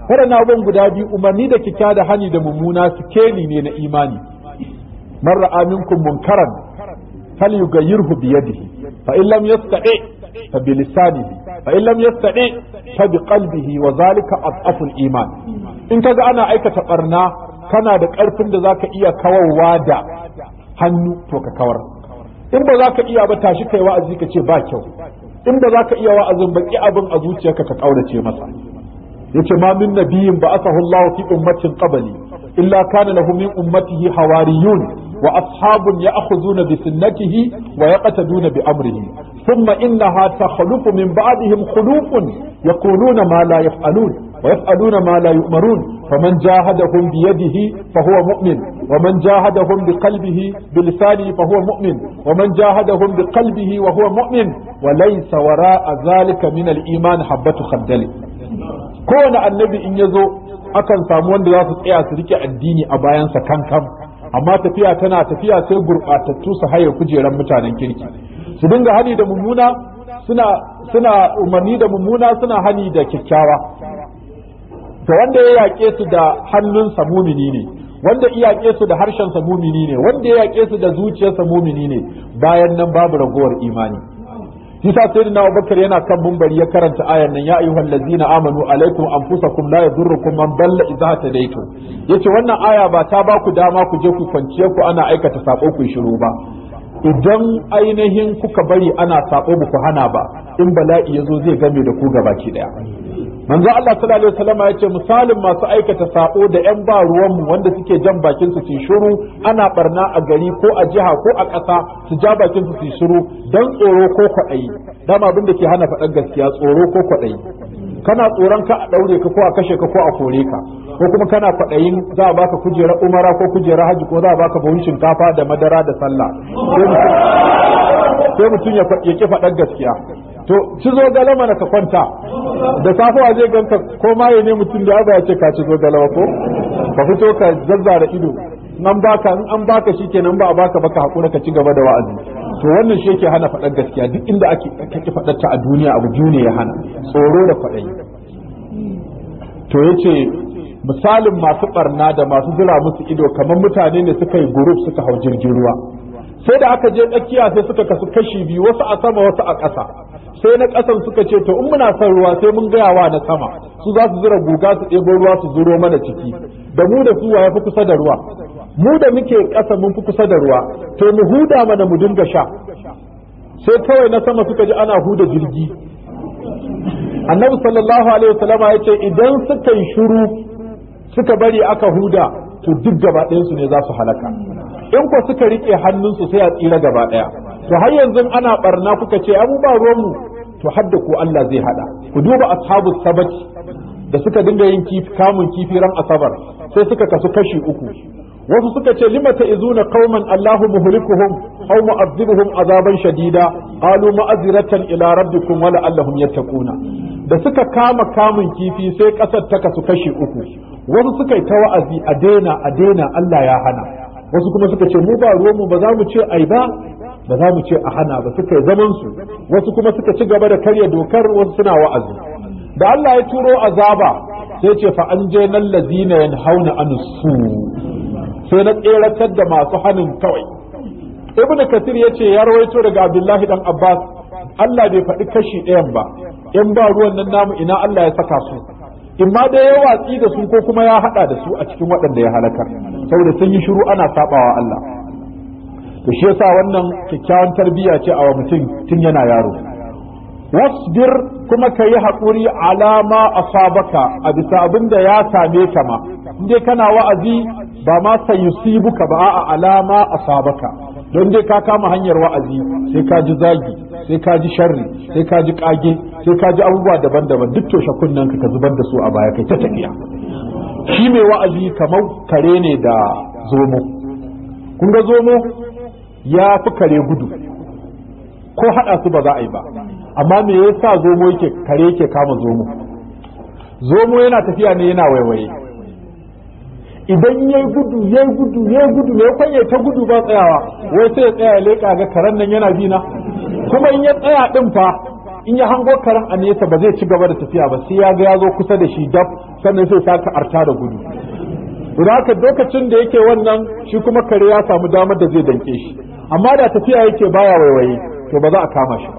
waɗannan abubuwan guda biyu umarni da kika da hani da mummuna sikeli ne na imani man ra'a minkum munkaran fal yughayyirhu bi yadihi fa in lam yastati fa bi lisanihi fa in lam yastati fa bi qalbihi wa zalika af'aful iman in kaga ana aikata barna kana da karfin da zaka iya kawarwa da hannu to ka kawar in ba za ka iya ba tashi kai wa'azi ka ce ba kyau in ba za ka iya wa'azin baki abin a zuciyarka ka kaurace masa yace ma min nabiyyin ba asahu Allah fi ummatin qabli illa kana lahu min ummatihi hawariyun wa ashabun ya'khuduna bi sunnatihi wa yaqtaduna bi amrihi thumma innaha takhlufu min ba'dihim khulufun yaquluna ma la yaf'alun ويفعلون ما لا يؤمرون فمن جاهدهم بيده فهو مؤمن ومن جاهدهم بقلبه بلسانه فهو مؤمن ومن جاهدهم بقلبه وهو مؤمن وليس وراء ذلك من الإيمان حبة خردل kowane annabi in ya zo akan samu wanda za su tsaya su rike addini a bayansa kankan amma tafiya tana tafiya sai gurɓatattu su haye kujeran mutanen kirki su dinga hani da mummuna suna suna umarni da mummuna suna hani da kyakkyawa to wanda ya yaƙe su da hannunsa mumini ne wanda ya yaƙe su da harshensa mumini ne wanda ya yaƙe su da zuciyarsa mumini ne bayan nan babu ragowar imani yasa sayyidina Abubakar yana kan mumbari ya karanta ayan nan ya ayyuhal ladzina amanu alaikum anfusakum la yadurrukum man ta idza Ya yace wannan aya ba ta ba ku dama ku je ku kwanciye ku ana aikata sako ku shiru ba idan ainihin kuka bari ana sabo ba ku hana ba in bala'i yazo zai game da ku gabaki daya manzo Allah sallallahu alaihi wasallam ya ce misalin masu aikata sabo da yan ba ruwan mu wanda suke jan bakin su su shiru ana barna a gari ko a jiha ko a ƙasa su ja bakin su su shiru dan tsoro ko kwaɗayi dama abin da ke hana faɗan gaskiya tsoro ko kwaɗayi kana tsoron ka a daure ka ko a kashe ka ko a kore ka ko kuma kana kwaɗayin za a baka kujerar umara ko kujerar haji, ko za a baka buhun shinkafa da madara da sallah sai mutum ya ki faɗar gaskiya to ci zo galama na ka kwanta da safe zai ganka ko maye ne mutum da ya ce ka ci zo galama ko ka fito ka zazzara ido nan baka in an baka shikenan ba a baka baka hakura ka ci gaba da wa'azi to wannan shi yake hana faɗar gaskiya duk inda ake kake faɗar ta a duniya abu biyu ne ya hana tsoro da kwaɗayi to yace misalin masu barna da masu jira musu ido kamar mutane ne suka yi group suka hau jirgin ruwa sai da aka je tsakiya sai suka kasu kashi biyu wasu a sama wasu a ƙasa sai na ƙasan suka ce to in muna son ruwa sai mun gaya wa na sama su za su zura guga su ɗebo ruwa su zuro mana ciki da mu da su ya fi kusa da ruwa mu da muke ƙasa mun fi kusa da ruwa to mu huda mana mu dinga sha sai kawai na sama suka ji ana huda jirgi annabi sallallahu alaihi wasallama ya ce idan suka yi shuru suka bari aka huda to duk gaba su ne za su halaka in ko suka rike hannunsu sai a tsira gaba ɗaya to har yanzu ana barna kuka ce abubuwa mu?' to hadda ko Allah zai hada ku duba ashabu sabaki da suka dinga yin kifi kamun kifi ran asabar sai suka kasu kashi uku wasu suka ce lima na kauman Allahu muhlikuhum au mu'adhibuhum azaban shadida qalu ma'azratan ila rabbikum wa la'allahum yattaquna da suka kama kamun kifi sai kasar ta kasu kashi uku wasu suka yi ta wa'azi a daina a daina Allah ya hana wasu kuma suka ce mu ba mu ba za mu ce ai ba ba za mu ce a hana ba suka yi zaman su wasu kuma suka ci gaba da karya dokar wasu suna wa'azi da Allah ya turo azaba sai ce fa an je nan lazina yanhauna an su sai na tseratar da masu hannun kawai ibnu ya ce ya rawaito daga abdullahi dan abbas Allah bai faɗi kashi ɗayan ba in ba ruwan nan namu ina Allah ya saka su in ma da ya watsi da su ko kuma ya haɗa da su a cikin waɗanda ya halaka saboda sun yi shiru ana saɓawa Allah to shi yasa wannan kyakkyawan tarbiyya ce a wa mutum tun yana yaro wasbir kuma ka yi haƙuri alama a sabaka a bisa abin da ya same ka ma in dai kana wa'azi ba ma buka ba a alama asabaka don dai ka kama hanyar wa'azi sai ka ji zagi sai ka ji sharri sai ka ji kage sai ka ji abubuwa daban-daban duk toshe kunnen ka ka zubar da su a baya kai ta tafiya shi mai wa'azi kamar kare ne da zomo kun ga zomo ya fi kare gudu ko haɗa su ba za a yi ba amma me yasa zomo yake kare yake kama zomo zomo yana tafiya ne yana waiwaye idan yayi gudu yayi gudu ya gudu ya kwanye ta gudu ba tsayawa wai sai ya tsaya ya leƙa ga karen nan yana bi na kuma in ya tsaya din fa in ya hango karen a nesa ba zai ci gaba da tafiya ba sai ya ga ya zo kusa da shi dab sannan sai saka arta da gudu haka lokacin da yake wannan shi kuma kare ya samu damar da zai danke shi amma da tafiya yake baya waiwaye to ba za a kama shi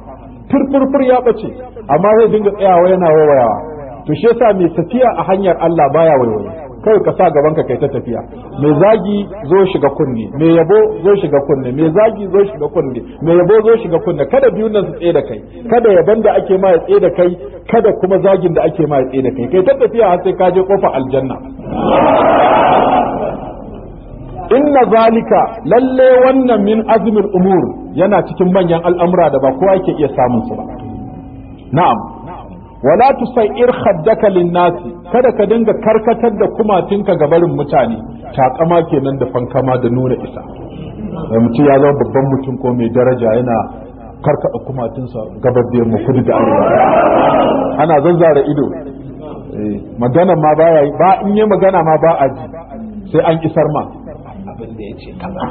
turfurfur ya bace amma zai dinga tsayawa yana waiwayawa to shi yasa mai tafiya a hanyar Allah baya waiwaye kai ka sa gaban ka kai ta tafiya mai zagi zo shiga kunne mai yabo zo shiga kunne mai zagi zo shiga kunne mai yabo zo shiga kunne kada biyun nan su tsaye da kai kada yaban da ake ma ya tsaye da kai kada kuma zagin da ake ma ya tsaye da kai kai ta tafiya har sai ka je kofar aljanna inna zalika lalle wannan min azmil umur yana cikin manyan al'amura da ba kowa yake iya samun su ba na'am wala tusair khaddaka linnasi kada ka dinga karkatar da kumatinka ga barin mutane takama kenan da fankama da nuna isa mutum ya zama babban mutum ko mai daraja yana sa kumatinsa da mu kudi da arewa ana zazzara ido magana ma ba ya ba in yi magana ma ba a ji sai an isar ma abin da ya ce kaza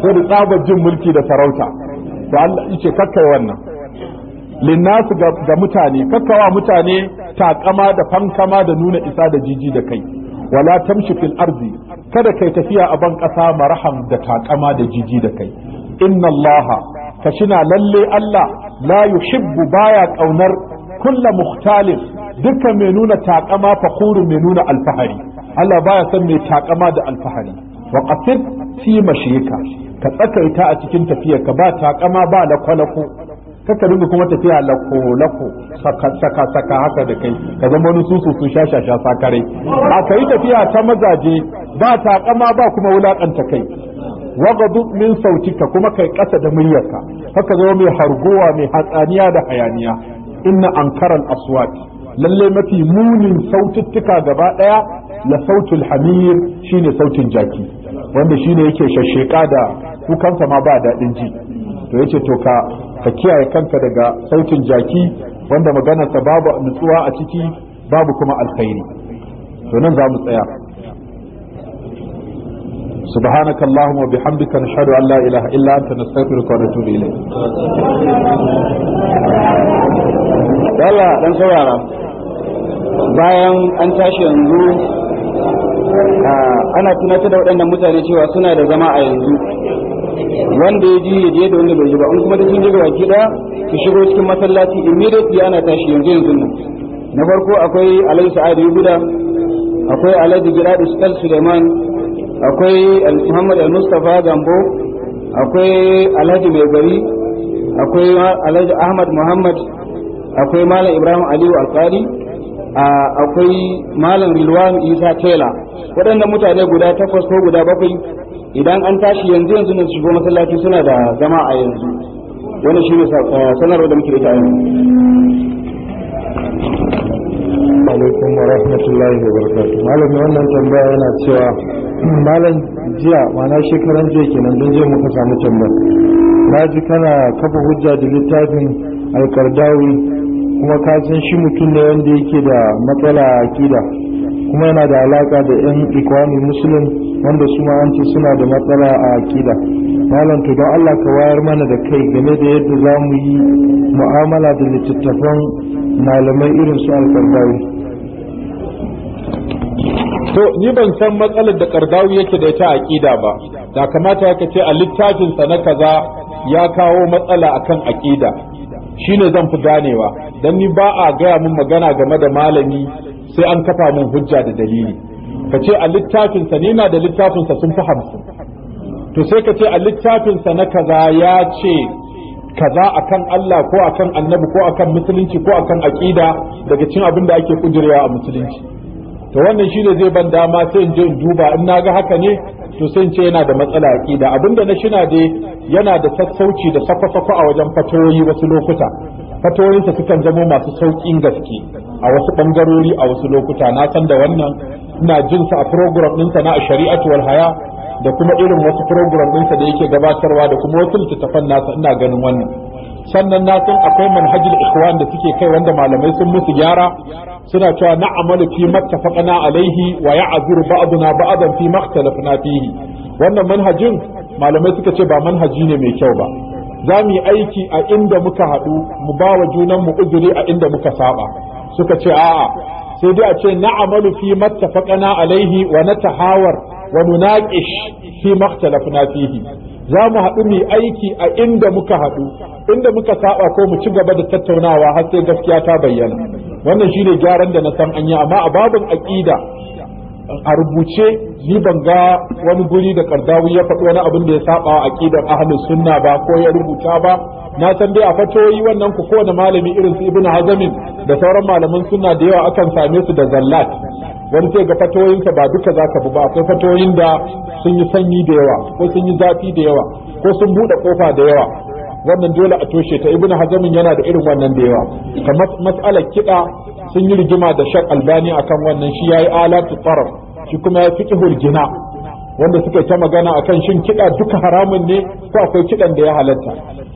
ko da tsabar jin mulki da sarauta da Allah yake kakkai wannan linnasu ga mutane kakkawa mutane takama da fankama da nuna isa da jiji da kai wala tamshi fil arzi kada kai tafiya a ban kasa marham da takama da jiji da kai inna allaha kashina lalle allah la yuhibbu baya kaunar kulla muhtalin duka mai nuna takama fakurin mai nuna alfahari allah baya san mai takama da alfahari wa qasid fi mashika ka tsakaita a cikin ka ba takama ba lakwalako kaka dinga kuma tafiya lako lako saka saka haka da kai ka zama wani susu su sha sha sha sakare a kai tafiya ta mazaje ba ta takama ba kuma wulakanta kai wagadu min sautika kuma kai kasa da muryarka haka zama mai harguwa mai hatsaniya da hayaniya inna ankaral aswat lalle mafi munin saututtuka gaba daya la sautul hamir shine sautin jaki wanda shine yake shasheka da kukansa ma ba dadin ji to yace to ka ka kiyaye kanka daga sautin jaki wanda maganarsa babu nutsuwa a ciki babu kuma alkhairi to nan za mu tsaya سبحانك اللهم وبحمدك نشهد ان لا اله الا انت نستغفرك ونتوب اليك Allah dan saurara bayan an tashi yanzu Ah, ana tunatar da waɗannan mutane cewa suna da zama a yanzu wanda ya ji ya je da wanda bai ji ba in kuma da sun je ga baki ɗaya su shigo cikin masallaci immediately ana tashi yanzu yanzu nan na farko akwai alai sa'adu guda akwai alhaji giradu stal suleiman akwai muhammad al-mustafa gambo akwai alhaji mai gari akwai alhaji ahmad muhammad akwai malam ibrahim aliyu alkali akwai malam rilwan isa tela waɗanda mutane guda takwas ko guda bakwai idan an tashi yanzu yanzu na shigo masallaci suna da zama a yanzu wani shi ne sanarwa da muke da ita alaikum wa rahmatullahi wa barakatuh malami wannan tambaya yana cewa [CLEARS THROAT] malam jiya mana shekaran jiya kenan don jiya muka samu tambaya na ji kana kafa hujja da littafin alkardawi kuma ka san shi mutum ne wanda yake da matsala a akida kuma yana da alaka da yan ikwani musulun wanda su ma suna da matsala a akida malam to don allah ka wayar mana da kai game da yadda za mu yi mu'amala da littattafan malamai irin su alkardawi to ni ban san matsalar da kardawi yake da ita akida ba da kamata ya ce a littafinsa na kaza ya kawo matsala akan akida Shi ne zan fi ganewa dan ni ba a gaya min magana game da malami sai an kafa min hujja da dalili ka ce a littafinsa ni na da littafinsa sun fi hamsin to sai ka ce a littafinsa na kaza ya ce kaza akan Allah ko akan annabi ko akan musulunci ko akan aƙida daga cin abin da ake kujirewa a musulunci to wannan shi ne zai ban dama sai in je in duba in na ga haka ne to sai ce yana da matsala aqida abinda na shina dai yana da sassauci da sakwasakwa a wajen fatoyi wasu lokuta fatoyinsa sukan zamo masu sauƙin gaske a wasu bangarori a wasu lokuta na san da wannan ina jin sa a program ɗinsa na shari'atu wal haya da kuma irin wasu program ɗinsa da yake gabatarwa da kuma wasu littattafan nasa ina ganin wannan sannan na san akwai manhajul ikhwan da suke kai wanda malamai sun musu gyara suna cewa na'amalu fi mattafaqna alaihi wa ya'zuru ba'duna ba'dan fi maktalafna fihi wannan manhajin malamai suka ce ba manhaji ne mai kyau ba za mu yi aiki a inda muka haɗu mu ba wa junanmu uzuri a inda muka saba suka ce a'a sai dai a ce na'amalu fi mattafaqna alaihi wa natahawar wa nunaqish fi makhtalafna fihi za mu haɗu mu aiki a inda muka haɗu inda muka saɓa ko mu ci gaba da tattaunawa har sai gaskiya ta bayyana wannan shine gyaran da na san an yi amma a babin aƙida a rubuce ni ban ga wani guri da kardawi ya faɗi wani abin da ya saba aƙidar ahlus sunna ba ko ya rubuta ba na san dai a fatoyi wannan ku kowane malami irin su ibnu hazamin da sauran malaman sunna da yawa akan same su da zallat wani sai ga fatoyinka ba duka za ka bi ba akwai fatoyin da sun yi sanyi da yawa ko sun yi zafi da yawa ko sun buɗe kofa da yawa wannan dole a toshe ta ibnu hazamin yana da irin wannan da yawa kamar mas'alar kiɗa sun yi rigima da shak albani akan wannan shi yayi alatu taraf shi kuma ya fi gina wanda suka ta magana akan shin kiɗa duka haramun ne ko akwai kiɗan da ya halatta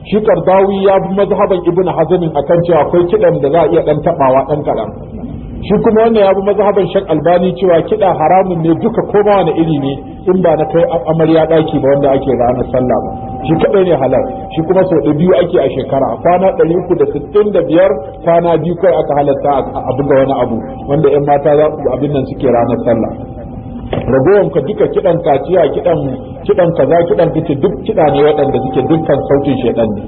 shi kardawi ya bi mazhaban ibnu hazamin akan cewa akwai kiɗan da za a iya ɗan taɓawa dan kaɗan shi kuma wannan ya bi mazhaban shak albani cewa kiɗa haramun ne duka koma wani iri ne in ba na kai amarya daki ba wanda ake ranar sallah ba shi kaɗai ne halal shi kuma sau da biyu ake a shekara kwana ɗari uku da sittin da biyar kwana biyu kai aka halatta a buga wani abu wanda yan mata za su abin nan suke ranar sallah ragowar ka duka kiɗan kaciya kiɗan kiɗan kaza kiɗan kici duk kiɗa ne waɗanda suke dukkan sautin shedan ne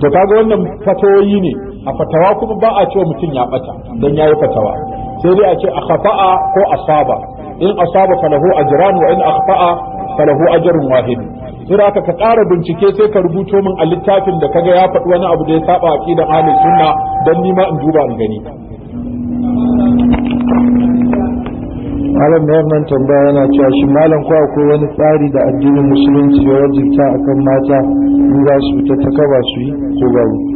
to kaga wannan fatoyi ne a fatawa kuma ba a cewa mutum ya bata dan yayi fatawa sai dai a ce a kafa'a ko asaba in asaba falahu ajran wa in akhfa'a falahu ajrun wahid sai haka ka ƙara bincike sai ka rubuto min a littafin da kaga ya faɗi wani abu da ya saba aqidan ahlus sunna dan ni ma in duba in gani malam mai wannan tambaya yana cewa shi malam ko akwai wani tsari da addinin musulunci ya wajibta akan mata in za su fita ta kaba su yi ko babu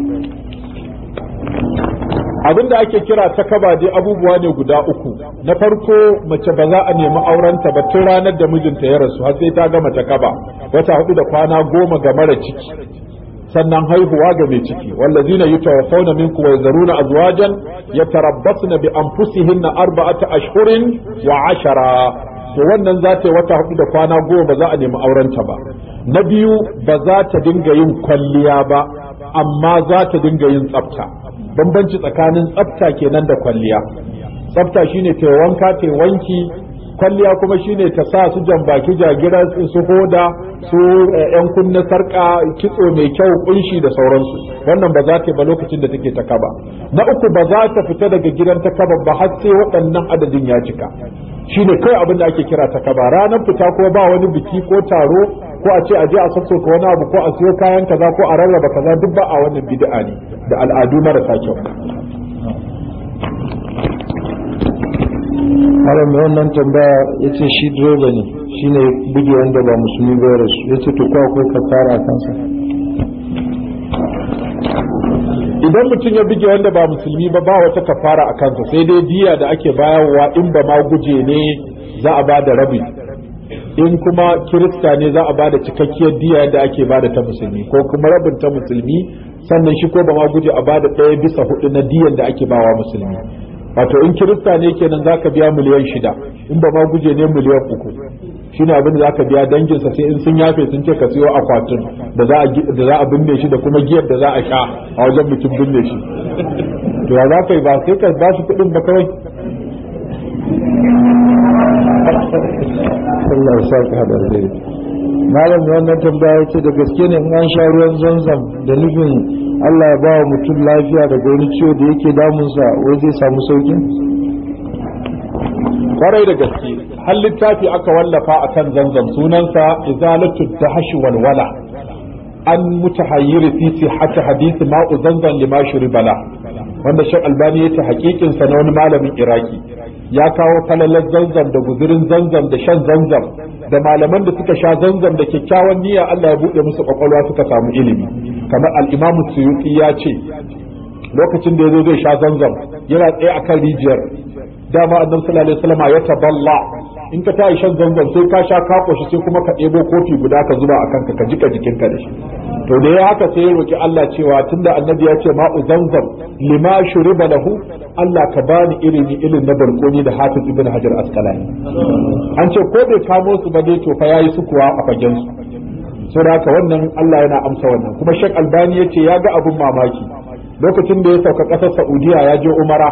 abin da ake kira takaba dai abubuwa ne guda uku na farko mace ba za a nemi aurenta ba tun ranar da mijinta ya rasu har sai ta gama ta kaba. wata hudu da kwana goma ga mara ciki sannan haihuwa ga mai ciki wallazina yatawaffawna minkum wa yazaruna azwajan yatarabbasna bi anfusihinna arba'ata ashhurin wa ashara to wannan za ta yi wata hudu da kwana goma ba za a nemi aurenta ba na biyu ba za ta dinga yin kwalliya ba amma za ta dinga yin tsafta bambanci tsakanin tsafta kenan da kwalliya tsafta shine ne wanka ta wanki kwalliya kuma shine ta sa su jambaki jagira su hoda su eh, yan kunne sarka kitso mai kyau kunshi da sauransu wannan ba za ta ba lokacin da take ta kaba na uku ba za ta fita daga gidan ta kaba ba har sai waɗannan adadin ya cika shine kai abin da ake kira ta kaba ranar fita ko ba wani biki ko taro ko a ce a je a ko wani abu ko a siyo kayan kaza ko a rarraba kaza duk ba a wannan bid'a ne da al'adu marasa kyau haram mai wannan tambaya ya ce shi droga ne shi ne buge wanda ba musulmi ba su ya ce to kwa ka fara a kansa idan mutum ya buge wanda ba musulmi ba ba wata kafara a kansa sai dai diya da ake bayarwa in ba ma guje ne za a ba da rabi in kuma kirista ne za a ba da cikakkiyar diya da ake ba da ta musulmi ko kuma rabin ta musulmi sannan shi ko ba ma guje a ba da ɗaya bisa hudu na diyan da ake bawa musulmi wato in kirista ne kenan ka biya miliyan shida in ba ma guje ne miliyan uku shi shine abin da ka biya danginsa sai in sun yafe sun ce ka siyo akwatin da za a binne shi da kuma giyar da za a sha a wajen mutum binne shi to ya ka yi ba sai ka ba shi kuɗin ba kawai Allah ya malam wannan tambaya ya ce da gaske ne in an sha ruwan zanzam da nufin allah ya ba wa mutum lafiya daga wani ciwo da yake damunsa wai zai samu saukin kwarai da gaske har littafi aka wallafa akan zanzam sunansa izalatu dahshi walwala an mutahayyir fi sihhati hadith ma uzanzan lima shuribala wanda Sheikh Albani yace hakikin sa na wani malamin Iraki ya kawo falalar zanzam da guzurin zanzam da shan zanzam da malaman da suka sha zanzam da kyakkyawan niyya Allah ya bude musu kwakwalwa suka samu ilimi kamar al-Imam ya ce lokacin da ya zo zai sha zanzam yana tsaye akan rijiyar dama annabi sallallahu alaihi wasallam ya taballa in ka tayi shan zanzan sai ka sha ka koshi sai kuma ka ɗebo kofi guda ka zuba a kanka ka jika jikinka da shi to da ya haka sai ya roki Allah cewa tunda annabi ya ce ma'u zanzam lima shuriba lahu Allah ka bani ilimi irin na barkoni da hafiz ibn hajar asqalani an ce ko bai kamo su ba dai to fa yayi kuwa a fagen su saboda wannan Allah yana amsa wannan kuma Sheikh Albani yace ya ga abun mamaki lokacin da ya sauka ƙasar Saudiya ya je Umara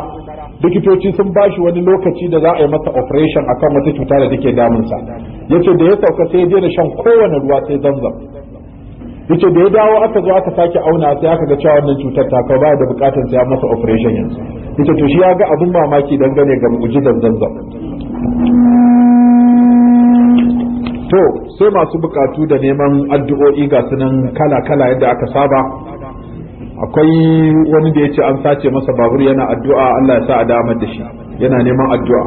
likitoci sun ba shi wani lokaci da za a yi masa operation akan wata cuta da take damunsa yace da ya sauka sai ya daina shan kowane ruwa sai zamzam yace da ya dawo aka zo aka sake auna sai aka ga cewa wannan cutar ta kawo baya da bukatar sai ya masa operation yanzu yace to shi ya ga abin mamaki dangane ga mujidan zamzam to sai masu bukatu da neman addu'o'i ga sunan kala kala yadda aka saba akwai wani da ya ce an sace masa babur yana addu'a Allah ya sa a damar da shi yana neman addu'a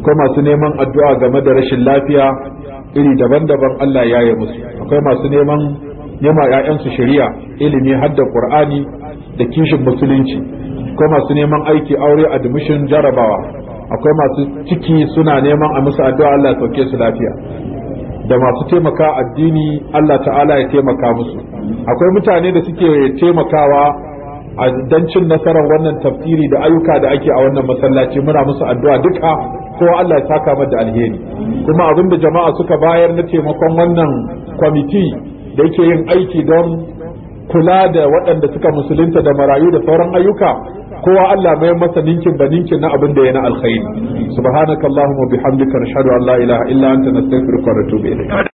akwai masu neman addu'a game da rashin lafiya iri daban-daban Allah ya yi musu akwai masu neman nema ‘ya'yansu shari'a ilimi hadda Qur'ani da kishin musulunci akwai masu neman aiki aure admission jarabawa akwai masu ciki suna neman a musu addu'a Allah ya sauke su lafiya da masu taimaka addini Allah ta'ala ya taimaka musu akwai mutane da suke taimakawa a cin nasarar wannan tafsiri da ayyuka da ake a wannan masallaci muna musu addu'a duka kowa Allah ya saka mata da alheri kuma abin da jama'a suka bayar na taimakon wannan kwamiti da yake yin aiki don kula da waɗanda suka musulunta da marayu da sauran ayyuka kowa Allah mai masa ninkin ba ninkin na abin da yana alkhairi subhanakallahumma bihamdika nashhadu an la ilaha illa anta nastaghfiruka wa natubu ilayk